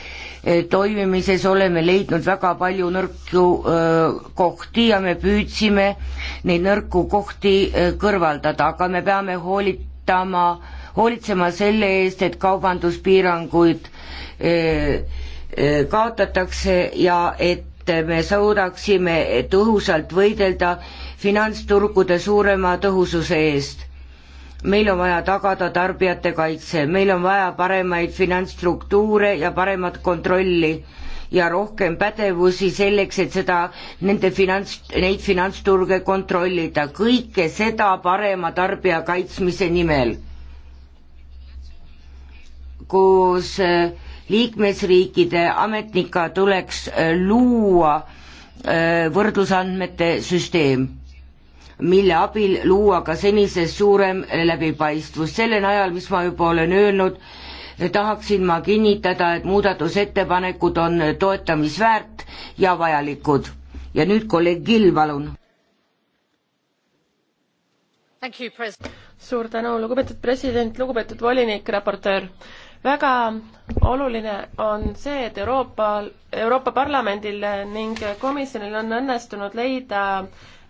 Eh, toimimises oleme leidnud väga palju nõrku eh, kohti ja me püüdsime neid nõrku kohti eh, kõrvaldada, aga me peame hoolitama, hoolitsema selle eest, et kaubanduspiiranguid kaotatakse ja et me suudaksime tõhusalt võidelda finantsturgude suurema tõhususe eest meil on vaja tagada tarbijate kaitse, meil on vaja paremaid finantsstruktuure ja paremat kontrolli ja rohkem pädevusi selleks, et seda, nende finants, neid finantsturge kontrollida, kõike seda parema tarbija kaitsmise nimel. kus äh, liikmesriikide ametnika tuleks äh, luua äh, võrdlusandmete süsteem mille abil luua ka senisest suurem läbipaistvus. sellel ajal, mis ma juba olen öelnud, tahaksin ma kinnitada, et muudatusettepanekud on toetamisväärt ja vajalikud. ja nüüd kolleeg Kill, palun. suur tänu, lugupeetud president, lugupeetud volinik, raportöör väga oluline on see, et Euroopa, Euroopa Parlamendil ning komisjonil on õnnestunud leida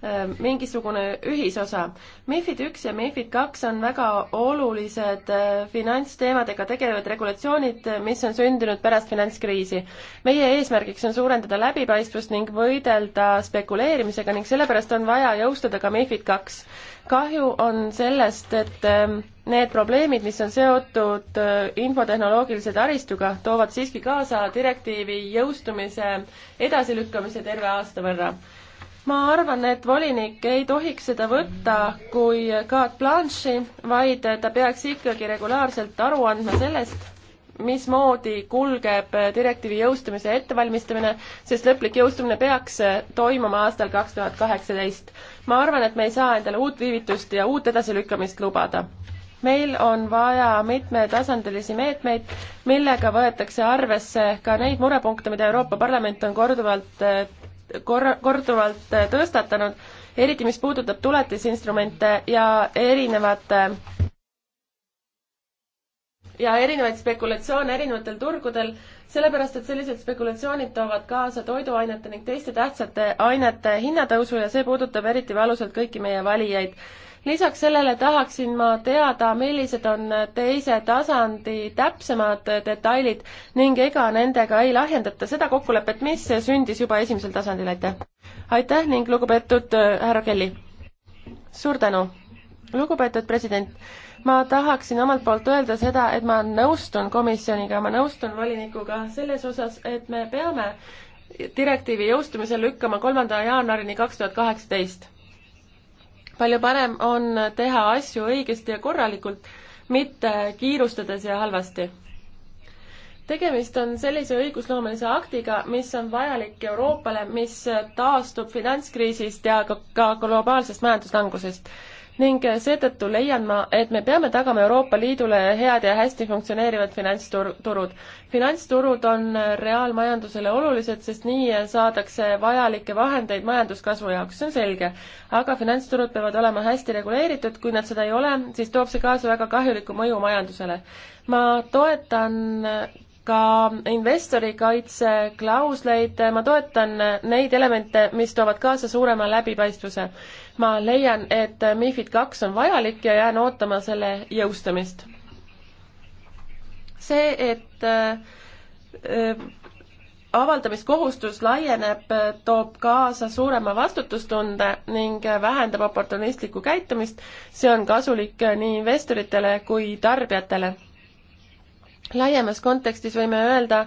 Äh, mingisugune ühisosa. MIFID üks ja MIFID kaks on väga olulised äh, finantsteemadega tegelevad regulatsioonid, mis on sündinud pärast finantskriisi. meie eesmärgiks on suurendada läbipaistvust ning võidelda spekuleerimisega ning sellepärast on vaja jõustada ka MIFID kaks. kahju on sellest, et äh, need probleemid, mis on seotud infotehnoloogilise taristuga, toovad siiski kaasa direktiivi jõustumise edasilükkamise terve aasta võrra ma arvan, et volinik ei tohiks seda võtta kui carte blanche'i, vaid ta peaks ikkagi regulaarselt aru andma sellest, mismoodi kulgeb direktiivi jõustumise ettevalmistamine, sest lõplik jõustumine peaks toimuma aastal kaks tuhat kaheksateist. ma arvan, et me ei saa endale uut viivitust ja uut edasilükkamist lubada. meil on vaja mitmetasandilisi meetmeid, millega võetakse arvesse ka neid murepunkte, mida Euroopa Parlament on korduvalt korra, korduvalt äh, tõstatanud, eriti mis puudutab tuletisinstrumente ja erinevate äh, ja erinevaid spekulatsioone erinevatel turgudel, sellepärast et sellised spekulatsioonid toovad kaasa toiduainete ning teiste tähtsate ainete hinnatõusu ja see puudutab eriti valusalt kõiki meie valijaid lisaks sellele tahaksin ma teada, millised on teise tasandi täpsemad detailid ning ega nendega ei lahjendata seda kokkulepet, mis sündis juba esimesel tasandil, aitäh! aitäh ning lugupeetud äh, härra Kelly! suur tänu! lugupeetud president, ma tahaksin omalt poolt öelda seda, et ma nõustun komisjoniga, ma nõustun volinikuga selles osas, et me peame direktiivi jõustumisel lükkama kolmanda jaanuarini kaks tuhat kaheksateist palju parem on teha asju õigesti ja korralikult, mitte kiirustades ja halvasti. tegemist on sellise õigusloomelise aktiga, mis on vajalik Euroopale, mis taastub finantskriisist ja ka, ka globaalsest majanduslangusest ning seetõttu leian ma, et me peame tagama Euroopa Liidule head ja hästi funktsioneerivad finantsturud. finantsturud on reaalmajandusele olulised, sest nii saadakse vajalikke vahendeid majanduskasvu jaoks, see on selge. aga finantsturud peavad olema hästi reguleeritud, kui nad seda ei ole, siis toob see kaasa väga kahjuliku mõju majandusele. ma toetan ka investorikaitse klausleid, ma toetan neid elemente, mis toovad kaasa suurema läbipaistvuse ma leian, et MIFID kaks on vajalik ja jään ootama selle jõustamist. see, et äh, avaldamiskohustus laieneb, toob kaasa suurema vastutustunde ning vähendab oportunistlikku käitumist, see on kasulik nii investoritele kui tarbijatele laiemas kontekstis võime öelda,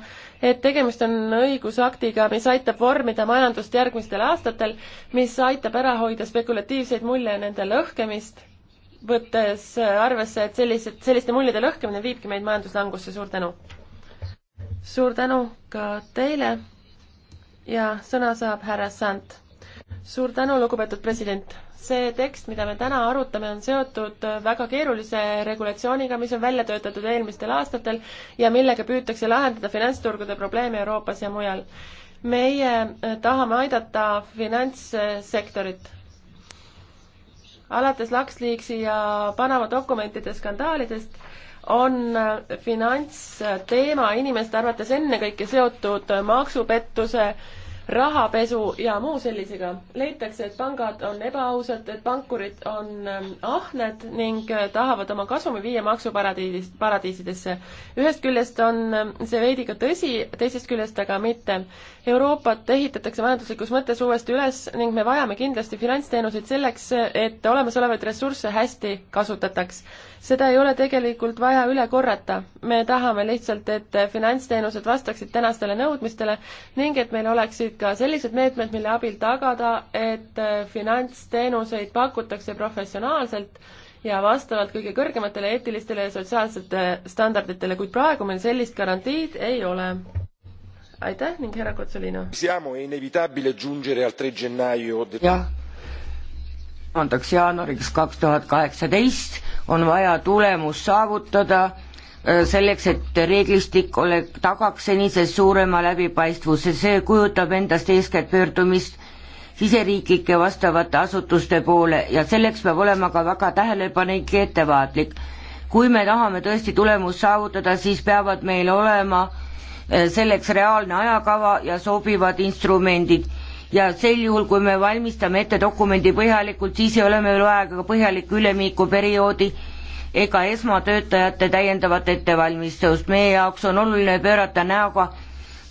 et tegemist on õigusaktiga, mis aitab vormida majandust järgmistel aastatel, mis aitab ära hoida spekulatiivseid mulje nende lõhkemist, võttes arvesse, et sellised, selliste muljede lõhkemine viibki meid majanduslangusse, suur tänu! suur tänu ka teile ja sõna saab härra Sant suur tänu, lugupeetud president. see tekst, mida me täna arutame, on seotud väga keerulise regulatsiooniga, mis on välja töötatud eelmistel aastatel ja millega püütakse lahendada finantsturgude probleeme Euroopas ja mujal. meie eh, tahame aidata finantssektorit alates LuxLeaksi ja Panama dokumentide skandaalidest on eh, finantsteema inimeste arvates ennekõike seotud maksupettuse rahapesu ja muu sellisega. leitakse, et pangad on ebaausad, et pankurid on ähm, ahned ning äh, tahavad oma kasumi viia maksuparadiisist, paradiisidesse. ühest küljest on ähm, see veidi ka tõsi, teisest küljest aga mitte. Euroopat ehitatakse majanduslikus mõttes uuesti üles ning me vajame kindlasti finantsteenuseid selleks, äh, et olemasolevaid ressursse hästi kasutataks seda ei ole tegelikult vaja üle korrata. me tahame lihtsalt, et finantsteenused vastaksid tänastele nõudmistele ning et meil oleksid ka sellised meetmed, mille abil tagada, et finantsteenuseid pakutakse professionaalselt ja vastavalt kõige kõrgematele eetilistele ja sotsiaalsetele standarditele, kuid praegu meil sellist garantiid ei ole. aitäh ning härra Kotsolino. jah, andaks jaanuariks kaks tuhat kaheksateist on vaja tulemus saavutada, äh, selleks, et reeglistik ole, tagaks senisest suurema läbipaistvuse, see kujutab endast eeskätt pöördumist siseriiklike vastavate asutuste poole ja selleks peab olema ka väga tähelepanelik ja ettevaatlik. kui me tahame tõesti tulemust saavutada, siis peavad meil olema äh, selleks reaalne ajakava ja sobivad instrumendid ja sel juhul, kui me valmistame ette dokumendi põhjalikult, siis ei ole meil vaja ka põhjalikku üleminekuperioodi ega esmatöötajate täiendavat ettevalmistust. meie jaoks on oluline pöörata näoga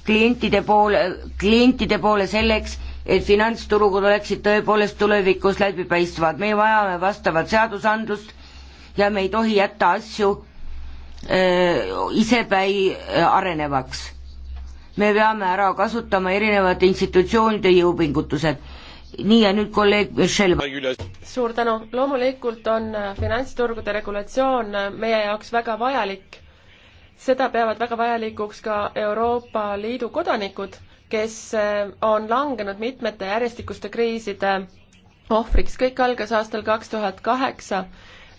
klientide poole, klientide poole selleks, et finantsturud oleksid tõepoolest tulevikus läbipaistvad. me vajame vastavat seadusandlust ja me ei tohi jätta asju öö, äh, isepäi öö, äh, arenevaks me peame ära kasutama erinevate institutsioonide jõupingutused nii ja nüüd kolleeg Michel. suur tänu, loomulikult on äh, finantsturgude regulatsioon äh, meie jaoks väga vajalik. seda peavad väga vajalikuks ka Euroopa Liidu kodanikud, kes äh, on langenud mitmete järjestikuste kriiside ohvriks, kõik algas aastal kaks tuhat kaheksa,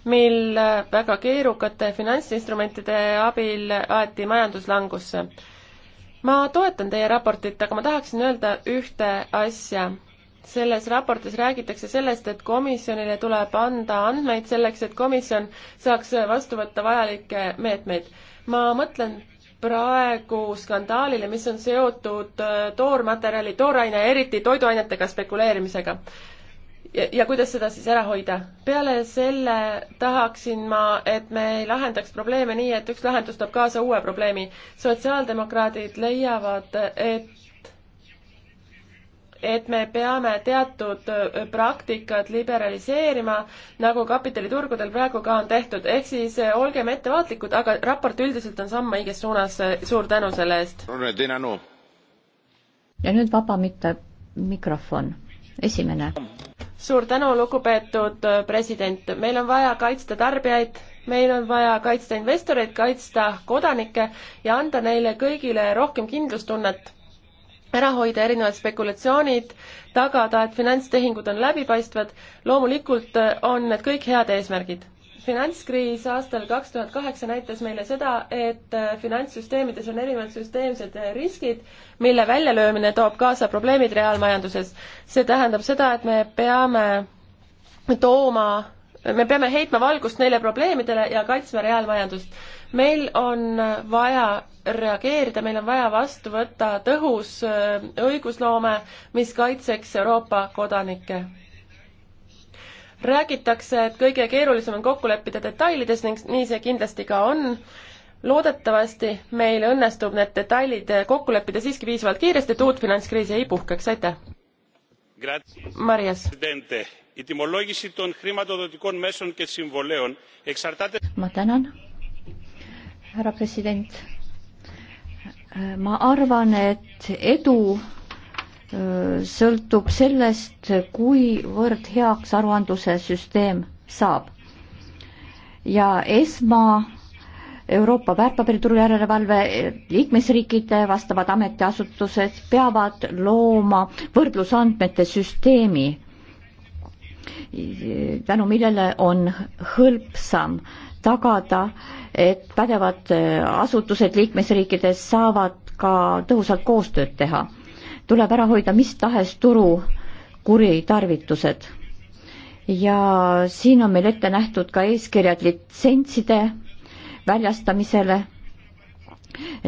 mil väga keerukate finantsinstrumentide abil aeti majanduslangusse ma toetan teie raportit, aga ma tahaksin öelda ühte asja. selles raportis räägitakse sellest, et komisjonile tuleb anda andmeid selleks, et komisjon saaks vastu võtta vajalikke meetmeid. ma mõtlen praegu skandaalile, mis on seotud toormaterjali, tooraine, eriti toiduainetega spekuleerimisega ja, ja kuidas seda siis ära hoida? peale selle tahaksin ma, et me ei lahendaks probleeme nii, et üks lahendus toob kaasa uue probleemi. sotsiaaldemokraadid leiavad, et et me peame teatud praktikad liberaliseerima, nagu kapitaliturgudel praegu ka on tehtud, ehk siis eh, olgem ettevaatlikud, aga raport üldiselt on samm õiges suunas, suur tänu selle eest. ja nüüd vaba mitte mikrofon, esimene suur tänu, lugupeetud president, meil on vaja kaitsta tarbijaid, meil on vaja kaitsta investoreid, kaitsta kodanikke ja anda neile kõigile rohkem kindlustunnet, ära hoida erinevad spekulatsioonid, tagada, et finantstehingud on läbipaistvad, loomulikult on need kõik head eesmärgid finantskriis aastal kaks tuhat kaheksa näitas meile seda, et äh, finantssüsteemides on erinevad süsteemsed äh, riskid, mille väljalöömine toob kaasa probleemid reaalmajanduses. see tähendab seda, et me peame tooma, me peame heitma valgust neile probleemidele ja kaitsma reaalmajandust. meil on vaja reageerida, meil on vaja vastu võtta tõhus äh, õigusloome, mis kaitseks Euroopa kodanikke räägitakse, et kõige keerulisem on kokku leppida detailides ning nii see kindlasti ka on. loodetavasti meil õnnestub need detailid kokku leppida siiski piisavalt kiiresti, et uut finantskriisi ei puhkeks, aitäh. Marias. ma tänan, härra president. ma arvan, et edu sõltub sellest, kuivõrd heaks aruandluse süsteem saab. ja esma Euroopa väärtpaberituru järelevalve liikmesriikide vastavad ametiasutused peavad looma võrdlusandmete süsteemi, tänu millele on hõlpsam tagada, et pädevad asutused liikmesriikides saavad ka tõhusalt koostööd teha tuleb ära hoida mis tahes turu kuritarvitused. ja siin on meil ette nähtud ka eeskirjad litsentside väljastamisele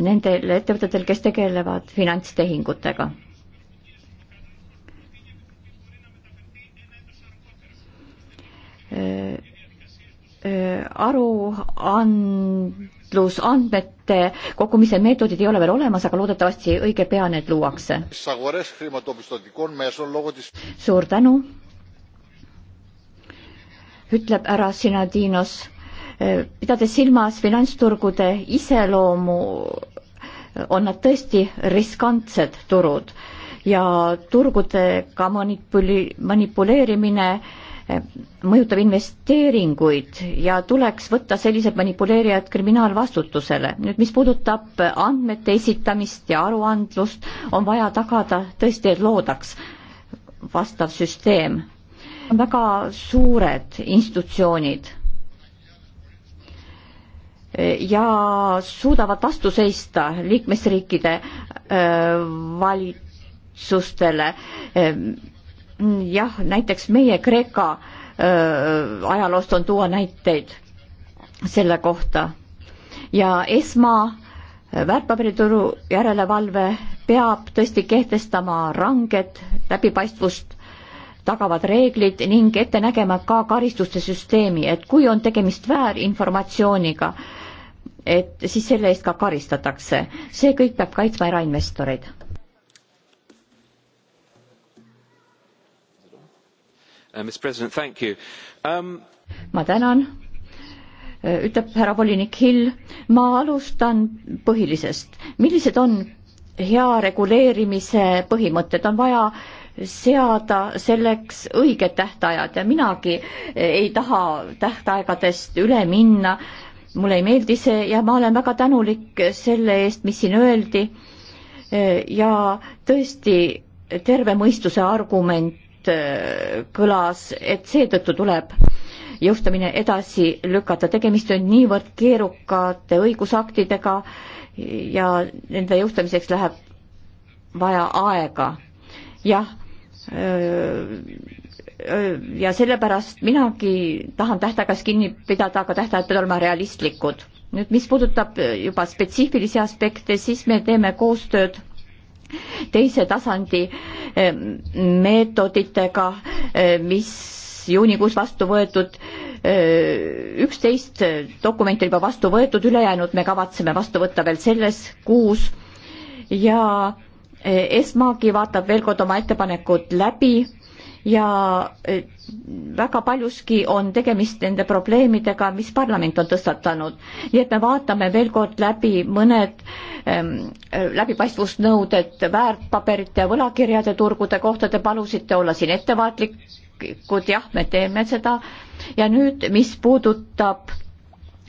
nendel ettevõtetel, kes tegelevad finantstehingutega. Äh, äh, aruand võitlus andmete kogumise meetodid ei ole veel olemas, aga loodetavasti õige pea need luuakse. suur tänu, ütleb härra Sinadinos, pidades silmas finantsturgude iseloomu, on nad tõesti riskantsed turud ja turgudega manipuli-, manipuleerimine äh, mõjutab investeeringuid ja tuleks võtta sellised manipuleerijad kriminaalvastutusele. nüüd, mis puudutab andmete esitamist ja aruandlust, on vaja tagada tõesti, et loodaks vastav süsteem. väga suured institutsioonid ja suudavad vastu seista liikmesriikide äh, valitsustele Mm, jah, näiteks meie Kreeka ajaloost on tuua näiteid selle kohta ja esma väärtpaberituru järelevalve peab tõesti kehtestama ranged läbipaistvust tagavad reeglid ning ette nägema ka karistuste süsteemi, et kui on tegemist väärinformatsiooniga, et siis selle eest ka karistatakse. see kõik peab kaitsma erainvestoreid Uh, um, ma tänan, uh, ütleb härra volinik Hill. ma alustan põhilisest. millised on hea reguleerimise põhimõtted, on vaja seada selleks õiged tähtajad ja minagi ei taha tähtaegadest üle minna. mulle ei meeldi see ja ma olen väga tänulik selle eest, mis siin öeldi. Uh, ja tõesti terve mõistuse argument Äh, kõlas, et seetõttu tuleb jõustamine edasi lükata. tegemist on niivõrd keerukate õigusaktidega ja nende jõustamiseks läheb vaja aega. jah, äh, äh, ja sellepärast minagi tahan tähtaegas kinni pidada, aga tähtajad peavad olema realistlikud. nüüd mis puudutab juba spetsiifilisi aspekte, siis me teeme koostööd teise tasandi eh, meetoditega, eh, mis juunikuus vastu võetud, eh, üksteist dokumenti juba vastu võetud, ülejäänud me kavatseme vastu võtta veel selles kuus ja ESMAgi vaatab veel kord oma ettepanekud läbi ja e, väga paljuski on tegemist nende probleemidega, mis parlament on tõstatanud. nii et me vaatame veel kord läbi mõned ähm, läbipaistvusnõuded väärtpaberite ja võlakirjade turgude kohta, te palusite olla siin ettevaatlikud, jah, me teeme seda. ja nüüd, mis puudutab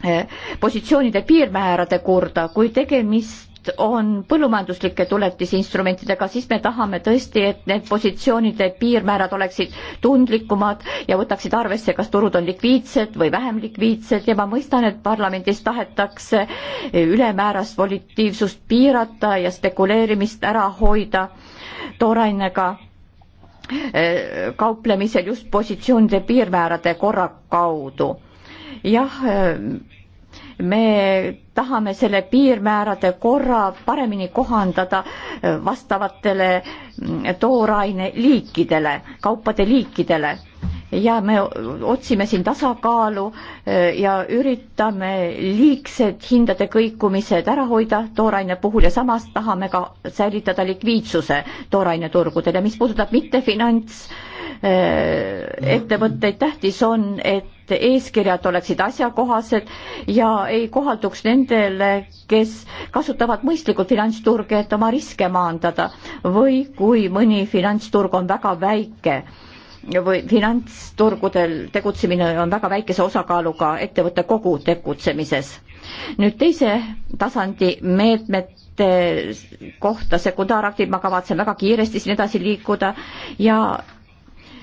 e, positsioonide piirmäärade korda, kui tegemist tegemist on põllumajanduslike tuletisinstrumentidega, siis me tahame tõesti, et need positsioonide piirmäärad oleksid tundlikumad ja võtaksid arvesse, kas turud on likviidsed või vähem likviidsed ja ma mõistan, et parlamendis tahetakse ülemäärast volitiivsust piirata ja spekuleerimist ära hoida toorainega eh, kauplemisel just positsioonide piirmäärade korra kaudu. jah eh, me tahame selle piirmäärade korra paremini kohandada äh, vastavatele mm, tooraine liikidele, kaupade liikidele ja me otsime siin tasakaalu äh, ja üritame liigsed hindade kõikumised ära hoida tooraine puhul ja samas tahame ka säilitada likviidsuse tooraineturgudel ja mis puudutab mittefinants Äh, ettevõtteid, tähtis on, et eeskirjad oleksid asjakohased ja ei kohalduks nendele, kes kasutavad mõistlikult finantsturge, et oma riske maandada või kui mõni finantsturg on väga väike või finantsturgudel tegutsemine on väga väikese osakaaluga ettevõtte kogu tegutsemises. nüüd teise tasandi meetmed kohta sekundaaraktid, ma kavatsen väga kiiresti siin edasi liikuda ja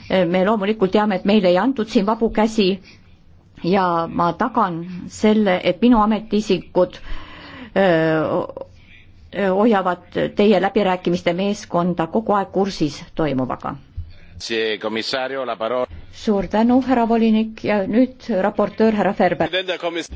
Eh, me loomulikult teame, et meile ei antud siin vabu käsi ja ma tagan selle, et minu ametiisikud eh, hoiavad teie läbirääkimiste meeskonda kogu aeg kursis toimuvaga suur tänu, härra volinik ja nüüd raportöör härra Ferber.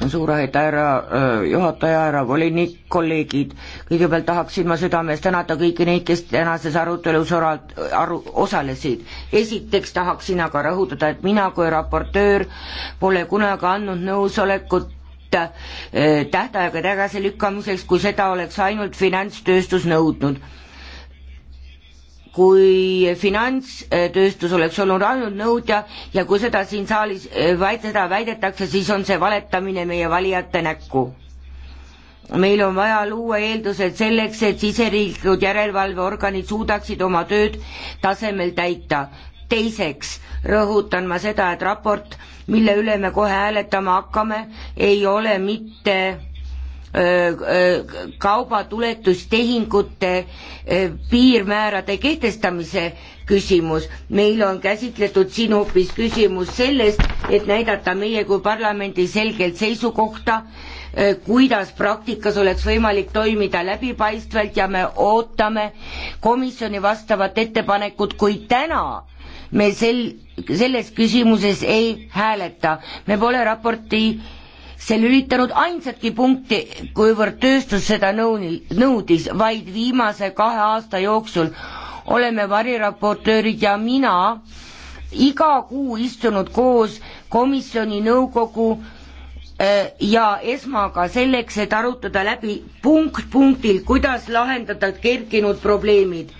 suur aitäh, härra äh, juhataja, härra volinik, kolleegid. kõigepealt tahaksin ma südames tänada kõiki neid, kes tänases arutelus oralt, aru, osalesid. esiteks tahaksin aga rõhutada, et mina kui raportöör pole kunagi andnud nõusolekut äh, tähtaegade tagasilükkamiseks, kui seda oleks ainult finantstööstus nõudnud kui finantstööstus oleks olnud ainult nõudja ja kui seda siin saalis eh, vaid seda väidetakse, siis on see valetamine meie valijate näkku. meil on vaja luua eeldused selleks, et siseriiklikud järelevalveorganid suudaksid oma tööd tasemel täita. teiseks rõhutan ma seda, et raport, mille üle me kohe hääletama hakkame, ei ole mitte kaubatületustehingute piirmäärade kehtestamise küsimus. meil on käsitletud siin hoopis küsimus sellest, et näidata meie kui parlamendi selgelt seisukohta, kuidas praktikas oleks võimalik toimida läbipaistvalt ja me ootame komisjoni vastavat ettepanekut, kuid täna me sel, selles küsimuses ei hääleta. me pole raporti see lülitanud ainsatki punkti, kuivõrd tööstus seda nõuni-, nõudis, vaid viimase kahe aasta jooksul oleme variraportöörid ja mina iga kuu istunud koos komisjoni, nõukogu äh, ja esmaga selleks, et arutada läbi punkt punktilt, kuidas lahendada kerkinud probleemid.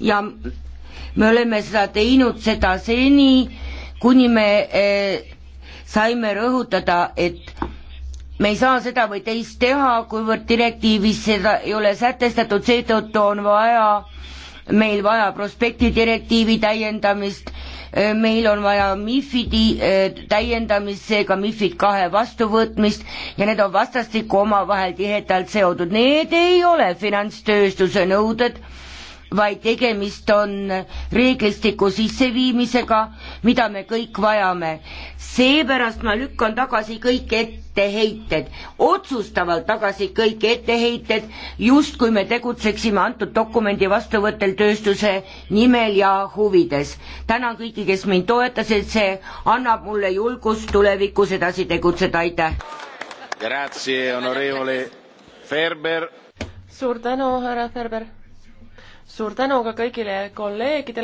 ja me oleme seda teinud seda seni, kuni me äh, saime rõhutada, et me ei saa seda või teist teha, kuivõrd direktiivis seda ei ole sätestatud, seetõttu on vaja, meil vaja prospekti direktiivi täiendamist, äh, meil on vaja MIFID-i äh, täiendamist, seega MIFID kahe vastuvõtmist ja need on vastastikku omavahel tihedalt seotud, need ei ole finantstööstuse nõuded vaid tegemist on reeglistiku sisseviimisega, mida me kõik vajame. seepärast ma lükkan tagasi kõik etteheited, otsustavalt tagasi kõik etteheited, justkui me tegutseksime antud dokumendi vastuvõttel tööstuse nimel ja huvides. tänan kõiki, kes mind toetasid, see annab mulle julgust tulevikus edasi tegutseda, aitäh! Grazie, onorevole Ferber. suur tänu, härra Ferber suur tänu ka kõigile kolleegidele.